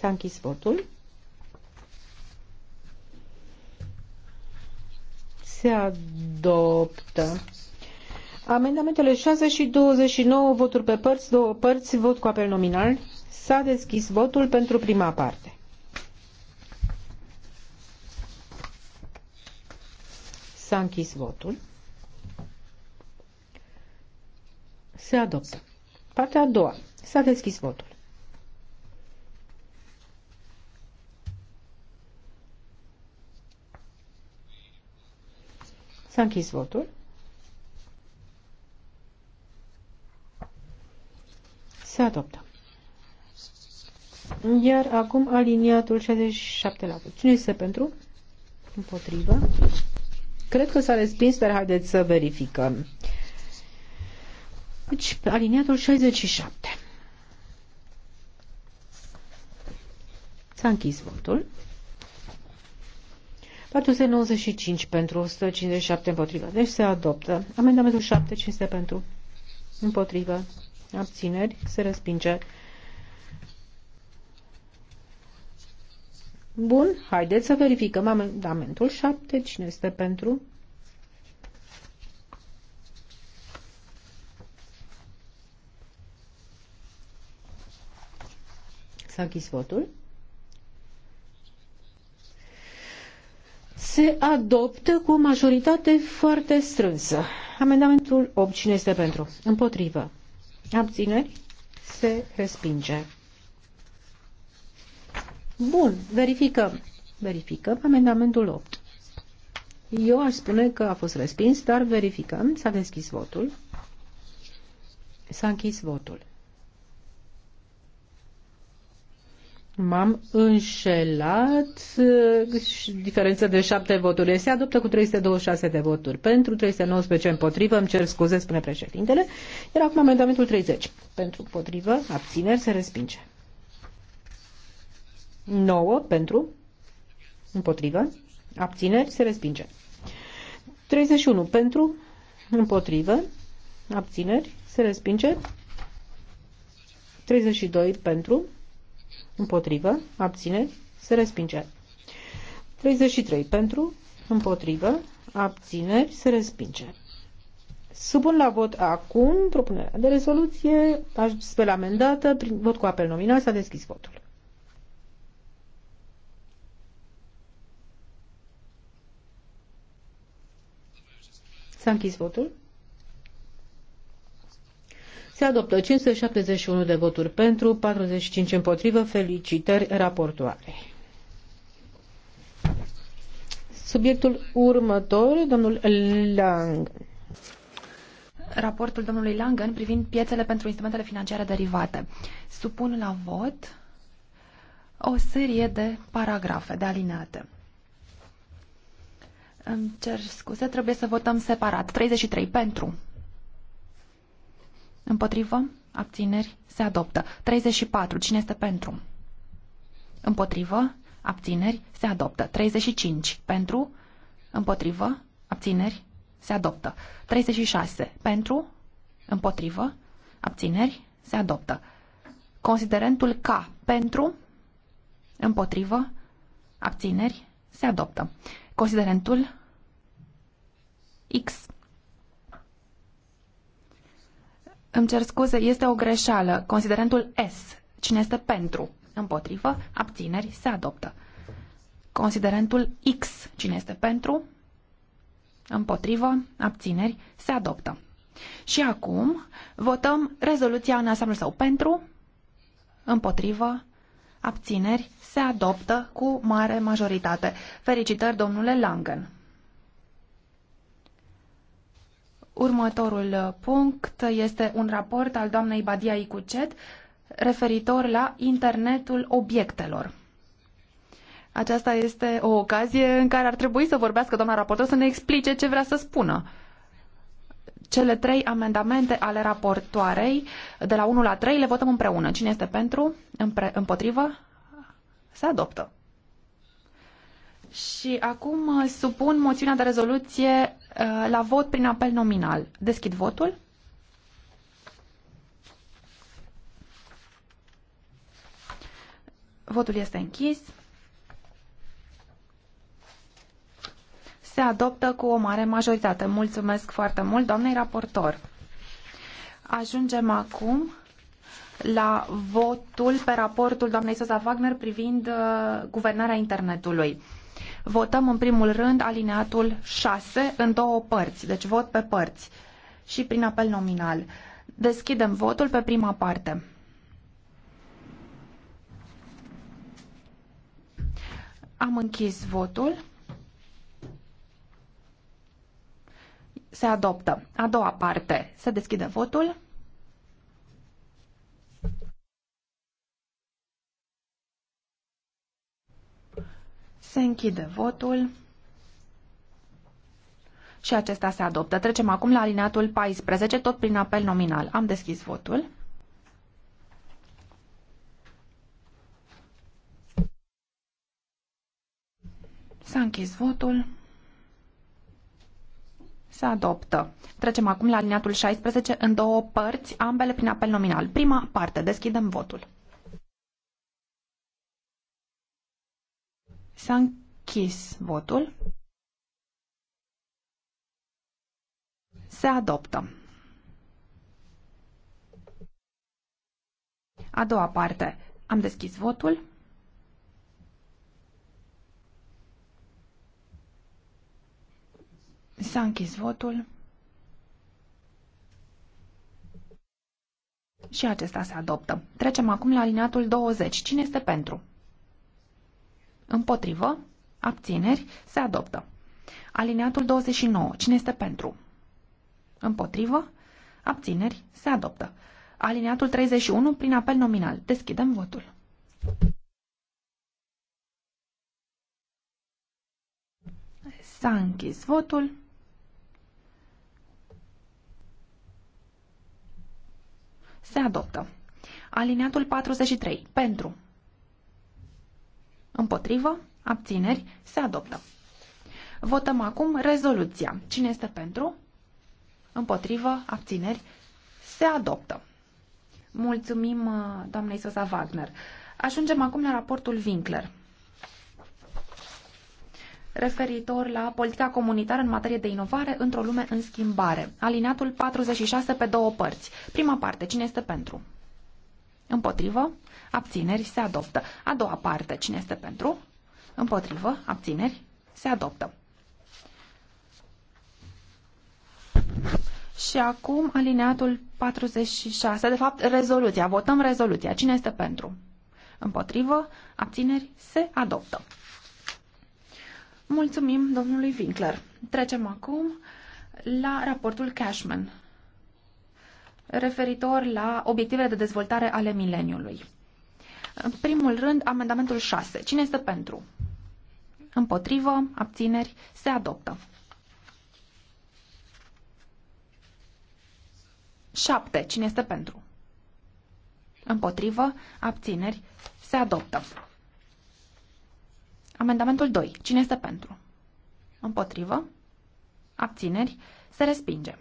S-a închis votul. Se adoptă. Amendamentele 6 și 29, voturi pe părți, două părți, vot cu apel nominal. S-a deschis votul pentru prima parte. S-a închis votul. Se adoptă. Partea a doua. S-a deschis votul. S-a închis votul. Se adoptă. Iar acum aliniatul 67 la vot. Cine este pentru? Împotrivă. Cred că s-a respins, dar haideți să verificăm. Deci, aliniatul 67. S-a închis votul. 495 pentru, 157 împotrivă. Deci se adoptă. Amendamentul 7, 500 pentru, împotrivă, abțineri, se respinge. Bun, haideți să verificăm amendamentul 7, cine este pentru? S-a votul. se adoptă cu o majoritate foarte strânsă. Amendamentul 8, cine este pentru? Împotrivă. Abțineri? Se respinge. Bun, verificăm. Verificăm amendamentul 8. Eu aș spune că a fost respins, dar verificăm. S-a deschis votul. S-a închis votul. M-am înșelat. Uh, diferență de șapte voturi. Se adoptă cu 326 de voturi. Pentru 319 împotrivă. Îmi cer scuze, spune președintele. Era acum amendamentul 30. Pentru împotrivă. Abțineri se respinge. 9 pentru. Împotrivă. Abțineri se respinge. 31 pentru. Împotrivă. Abțineri se respinge. 32 pentru Împotrivă. abține, Se respinge. 33. Pentru. Împotrivă. abține, Se respinge. Supun la vot acum propunerea de rezoluție astfel amendată prin vot cu apel nominal. S-a deschis votul. S-a închis votul. Se adoptă 571 de voturi pentru, 45 împotrivă. Felicitări raportoare. Subiectul următor, domnul Lang. Raportul domnului Langen privind piețele pentru instrumentele financiare derivate. Supun la vot o serie de paragrafe, de alineate. Îmi cer scuze, trebuie să votăm separat. 33 pentru, Împotrivă? Abțineri? Se adoptă. 34. Cine este pentru? Împotrivă? Abțineri? Se adoptă. 35. Pentru? Împotrivă? Abțineri? Se adoptă. 36. Pentru? Împotrivă? Abțineri? Se adoptă. Considerentul K. Pentru? Împotrivă? Abțineri? Se adoptă. Considerentul X. Îmi cer scuze, este o greșeală. Considerentul S. Cine este pentru? Împotrivă? Abțineri? Se adoptă. Considerentul X. Cine este pentru? Împotrivă? Abțineri? Se adoptă. Și acum votăm rezoluția în ansamblu său pentru, împotrivă, abțineri, se adoptă cu mare majoritate. Felicitări, domnule Langen! Următorul uh, punct este un raport al doamnei Badia Icucet referitor la internetul obiectelor. Aceasta este o ocazie în care ar trebui să vorbească doamna raportor să ne explice ce vrea să spună. Cele trei amendamente ale raportoarei, de la 1 la 3, le votăm împreună. Cine este pentru? Împre- împotrivă? Se adoptă. Și acum uh, supun moțiunea de rezoluție Uh, la vot prin apel nominal. Deschid votul. Votul este închis. Se adoptă cu o mare majoritate. Mulțumesc foarte mult, doamnei raportor. Ajungem acum la votul pe raportul doamnei Sosa Wagner privind uh, guvernarea internetului. Votăm în primul rând alineatul 6 în două părți, deci vot pe părți și prin apel nominal. Deschidem votul pe prima parte. Am închis votul. Se adoptă. A doua parte. Se deschide votul. Se închide votul. Și acesta se adoptă. Trecem acum la alineatul 14, tot prin apel nominal. Am deschis votul. S-a închis votul. Se adoptă. Trecem acum la alineatul 16 în două părți, ambele prin apel nominal. Prima parte, deschidem votul. S-a închis votul. Se adoptă. A doua parte. Am deschis votul. S-a închis votul. Și acesta se adoptă. Trecem acum la alineatul 20. Cine este pentru? Împotrivă. Abțineri. Se adoptă. Alineatul 29. Cine este pentru? Împotrivă. Abțineri. Se adoptă. Alineatul 31 prin apel nominal. Deschidem votul. S-a închis votul. Se adoptă. Alineatul 43. Pentru. Împotrivă? Abțineri? Se adoptă. Votăm acum rezoluția. Cine este pentru? Împotrivă? Abțineri? Se adoptă. Mulțumim uh, doamnei Sosa Wagner. Ajungem acum la raportul Winkler referitor la politica comunitară în materie de inovare într-o lume în schimbare. Alineatul 46 pe două părți. Prima parte, cine este pentru? Împotrivă, abțineri, se adoptă. A doua parte, cine este pentru? Împotrivă, abțineri, se adoptă. Și acum alineatul 46, de fapt rezoluția, votăm rezoluția. Cine este pentru? Împotrivă, abțineri, se adoptă. Mulțumim domnului Winkler. Trecem acum la raportul Cashman referitor la obiectivele de dezvoltare ale mileniului. În primul rând, amendamentul 6. Cine este pentru? Împotrivă, abțineri, se adoptă. 7. Cine este pentru? Împotrivă, abțineri, se adoptă. Amendamentul 2. Cine este pentru? Împotrivă, abțineri, se respinge.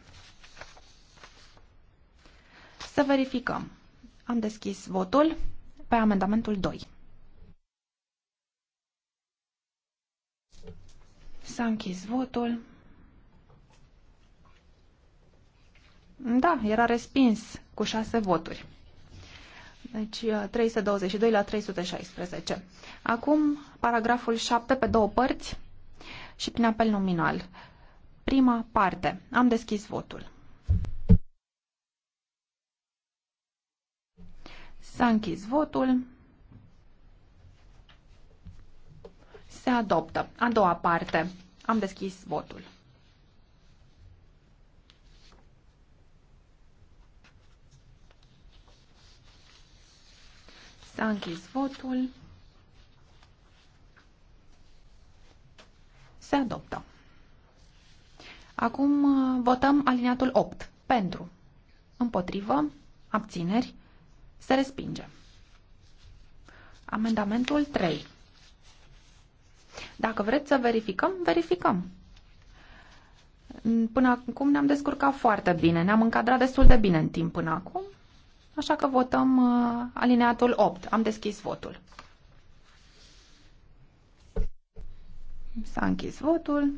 Să verificăm. Am deschis votul pe amendamentul 2. S-a închis votul. Da, era respins cu 6 voturi. Deci 322 uh, la 316. Acum paragraful 7 pe două părți și prin apel nominal. Prima parte. Am deschis votul. S-a închis votul. Se adoptă. A doua parte. Am deschis votul. S-a închis votul. Se adoptă. Acum uh, votăm aliniatul 8. Pentru. Împotrivă. Abțineri. Se respinge. Amendamentul 3. Dacă vreți să verificăm, verificăm. Până acum ne-am descurcat foarte bine, ne-am încadrat destul de bine în timp până acum, așa că votăm uh, alineatul 8. Am deschis votul. S-a închis votul.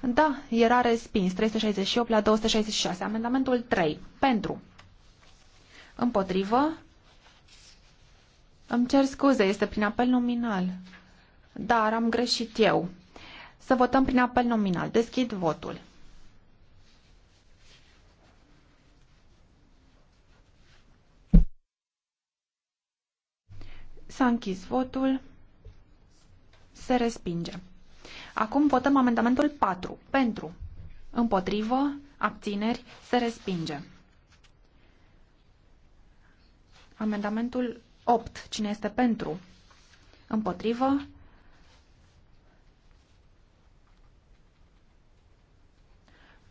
Da, era respins. 368 la 266. Amendamentul 3. Pentru. Împotrivă. Îmi cer scuze, este prin apel nominal. Dar am greșit eu. Să votăm prin apel nominal. Deschid votul. S-a închis votul. Se respinge. Acum votăm amendamentul 4. Pentru. Împotrivă. Abțineri. Se respinge. Amendamentul 8. Cine este pentru? Împotrivă.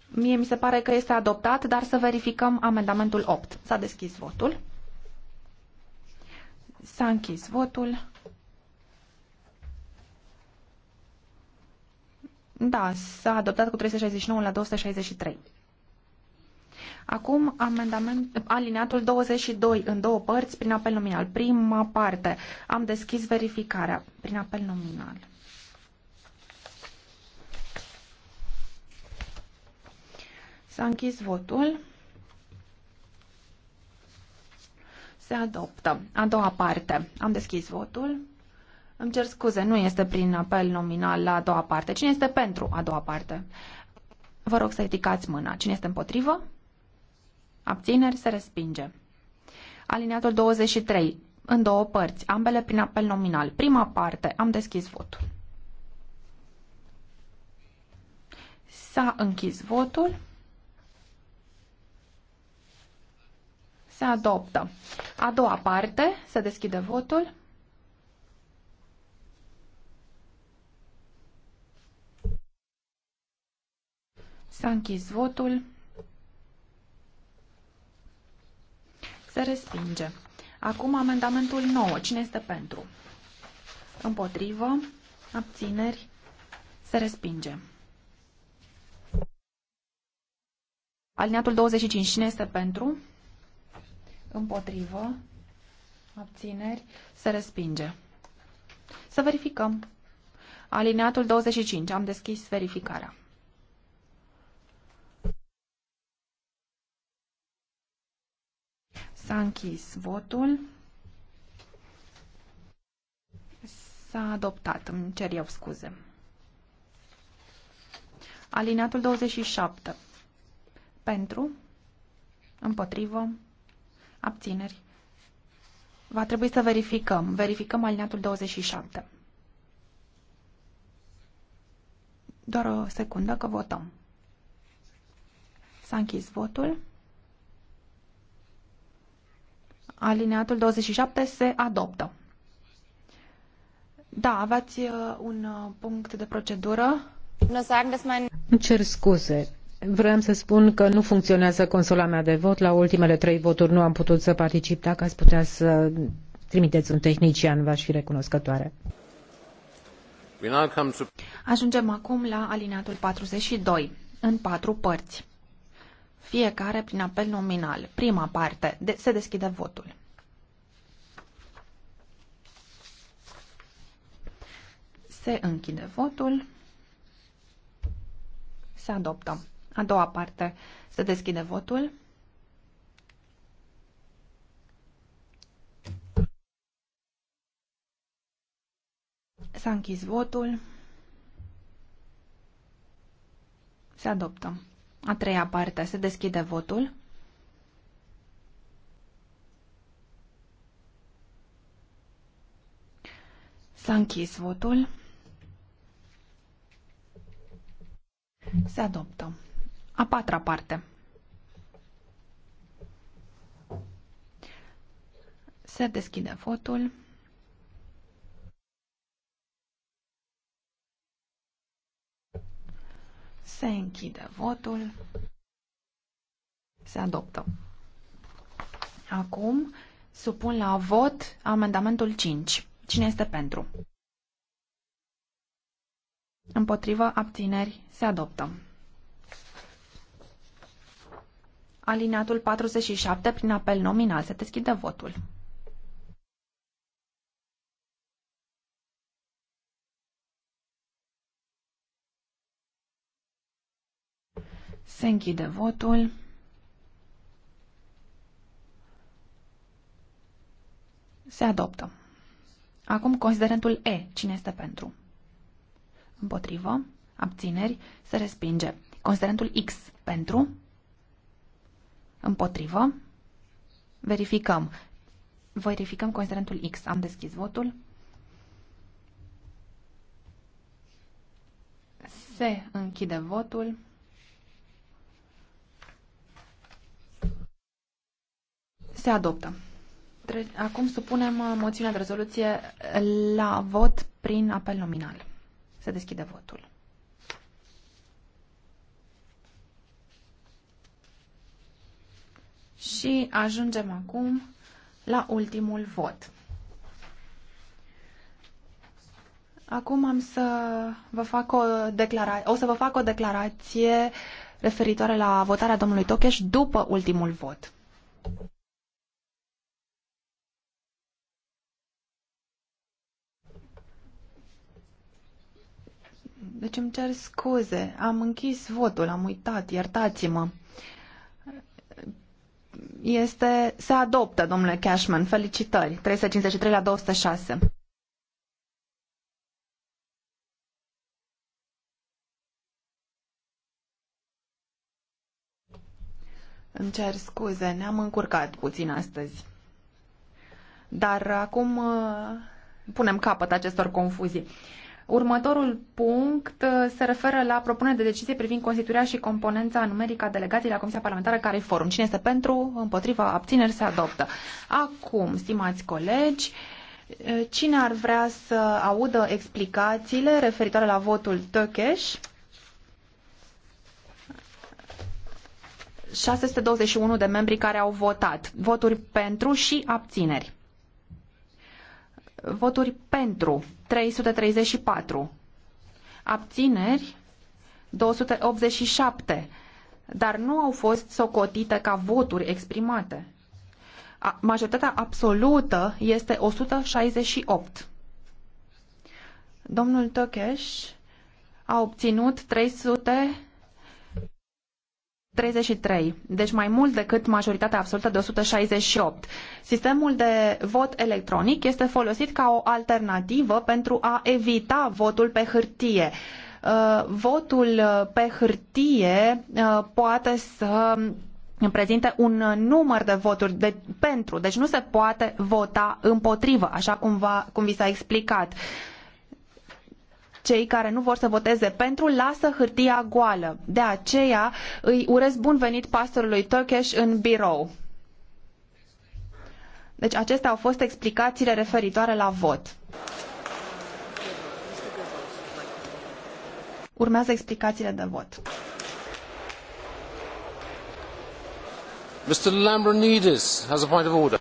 Mie mi se pare că este adoptat, dar să verificăm amendamentul 8. S-a deschis votul. S-a închis votul. Da, s-a adoptat cu 369 la 263. Acum amendament, alineatul 22 în două părți prin apel nominal. Prima parte. Am deschis verificarea prin apel nominal. S-a închis votul. Se adoptă. A doua parte. Am deschis votul. Îmi cer scuze, nu este prin apel nominal la a doua parte. Cine este pentru a doua parte? Vă rog să ridicați mâna. Cine este împotrivă? Abțineri se respinge. Alineatul 23. În două părți, ambele prin apel nominal. Prima parte, am deschis votul. S-a închis votul. Se adoptă. A doua parte, se deschide votul. S-a închis votul. Se respinge. Acum amendamentul 9. Cine este pentru? Împotrivă. Abțineri. Se respinge. Alineatul 25. Cine este pentru? Împotrivă. Abțineri. Se respinge. Să verificăm. Alineatul 25. Am deschis verificarea. S-a închis votul. S-a adoptat, îmi cer eu scuze. Alineatul 27. Pentru, împotrivă, abțineri. Va trebui să verificăm. Verificăm alineatul 27. Doar o secundă că votăm. S-a închis votul. Alineatul 27 se adoptă. Da, aveți uh, un uh, punct de procedură. Îmi cer scuze. Vreau să spun că nu funcționează consola mea de vot. La ultimele trei voturi nu am putut să particip. Dacă ați putea să trimiteți un tehnician, v-aș fi recunoscătoare. Ajungem acum la alineatul 42, în patru părți fiecare prin apel nominal. Prima parte. De- se deschide votul. Se închide votul. Se adoptă. A doua parte. Se deschide votul. S-a închis votul. Se adoptă. A treia parte. Se deschide votul. S-a închis votul. Se adoptă. A patra parte. Se deschide votul. Se închide votul. Se adoptă. Acum supun la vot amendamentul 5. Cine este pentru? Împotrivă abțineri se adoptă. Alineatul 47 prin apel nominal se deschide votul. Se închide votul. Se adoptă. Acum considerentul E. Cine este pentru? Împotrivă. Abțineri. Se respinge. Considerentul X. Pentru. Împotrivă. Verificăm. Verificăm considerentul X. Am deschis votul. Se închide votul. Se adoptă. Acum supunem uh, moțiunea de rezoluție la vot prin apel nominal. Se deschide votul. Și ajungem acum la ultimul vot. Acum am să vă fac o declarație, o să vă fac o declarație referitoare la votarea domnului Tocheș după ultimul vot. Deci îmi cer scuze, am închis votul, am uitat, iertați-mă. Este, se adoptă, domnule Cashman, felicitări, 353 la 206. Îmi cer scuze, ne-am încurcat puțin astăzi. Dar acum uh, punem capăt acestor confuzii. Următorul punct uh, se referă la propunerea de decizie privind constituirea și componența numerică a delegației la Comisia Parlamentară care forum. Cine este pentru, împotriva, abțineri, se adoptă. Acum, stimați colegi, uh, cine ar vrea să audă explicațiile referitoare la votul Tökeș? 621 de membri care au votat. Voturi pentru și abțineri. Voturi pentru 334. Abțineri 287. Dar nu au fost socotite ca voturi exprimate. Majoritatea absolută este 168. Domnul Tocheș a obținut 300 33, deci mai mult decât majoritatea absolută de 168. Sistemul de vot electronic este folosit ca o alternativă pentru a evita votul pe hârtie. Uh, votul uh, pe hârtie uh, poate să um, prezinte un număr de voturi de, pentru, deci nu se poate vota împotrivă, așa cum, va, cum vi s-a explicat cei care nu vor să voteze pentru lasă hârtia goală. De aceea îi urez bun venit pastorului Turkish în birou. Deci acestea au fost explicațiile referitoare la vot. Urmează explicațiile de vot.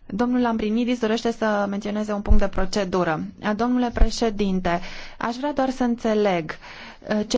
Domnul Lambrinidis dorește să menționeze un punct de procedură. Domnule președinte, aș vrea doar să înțeleg uh, ce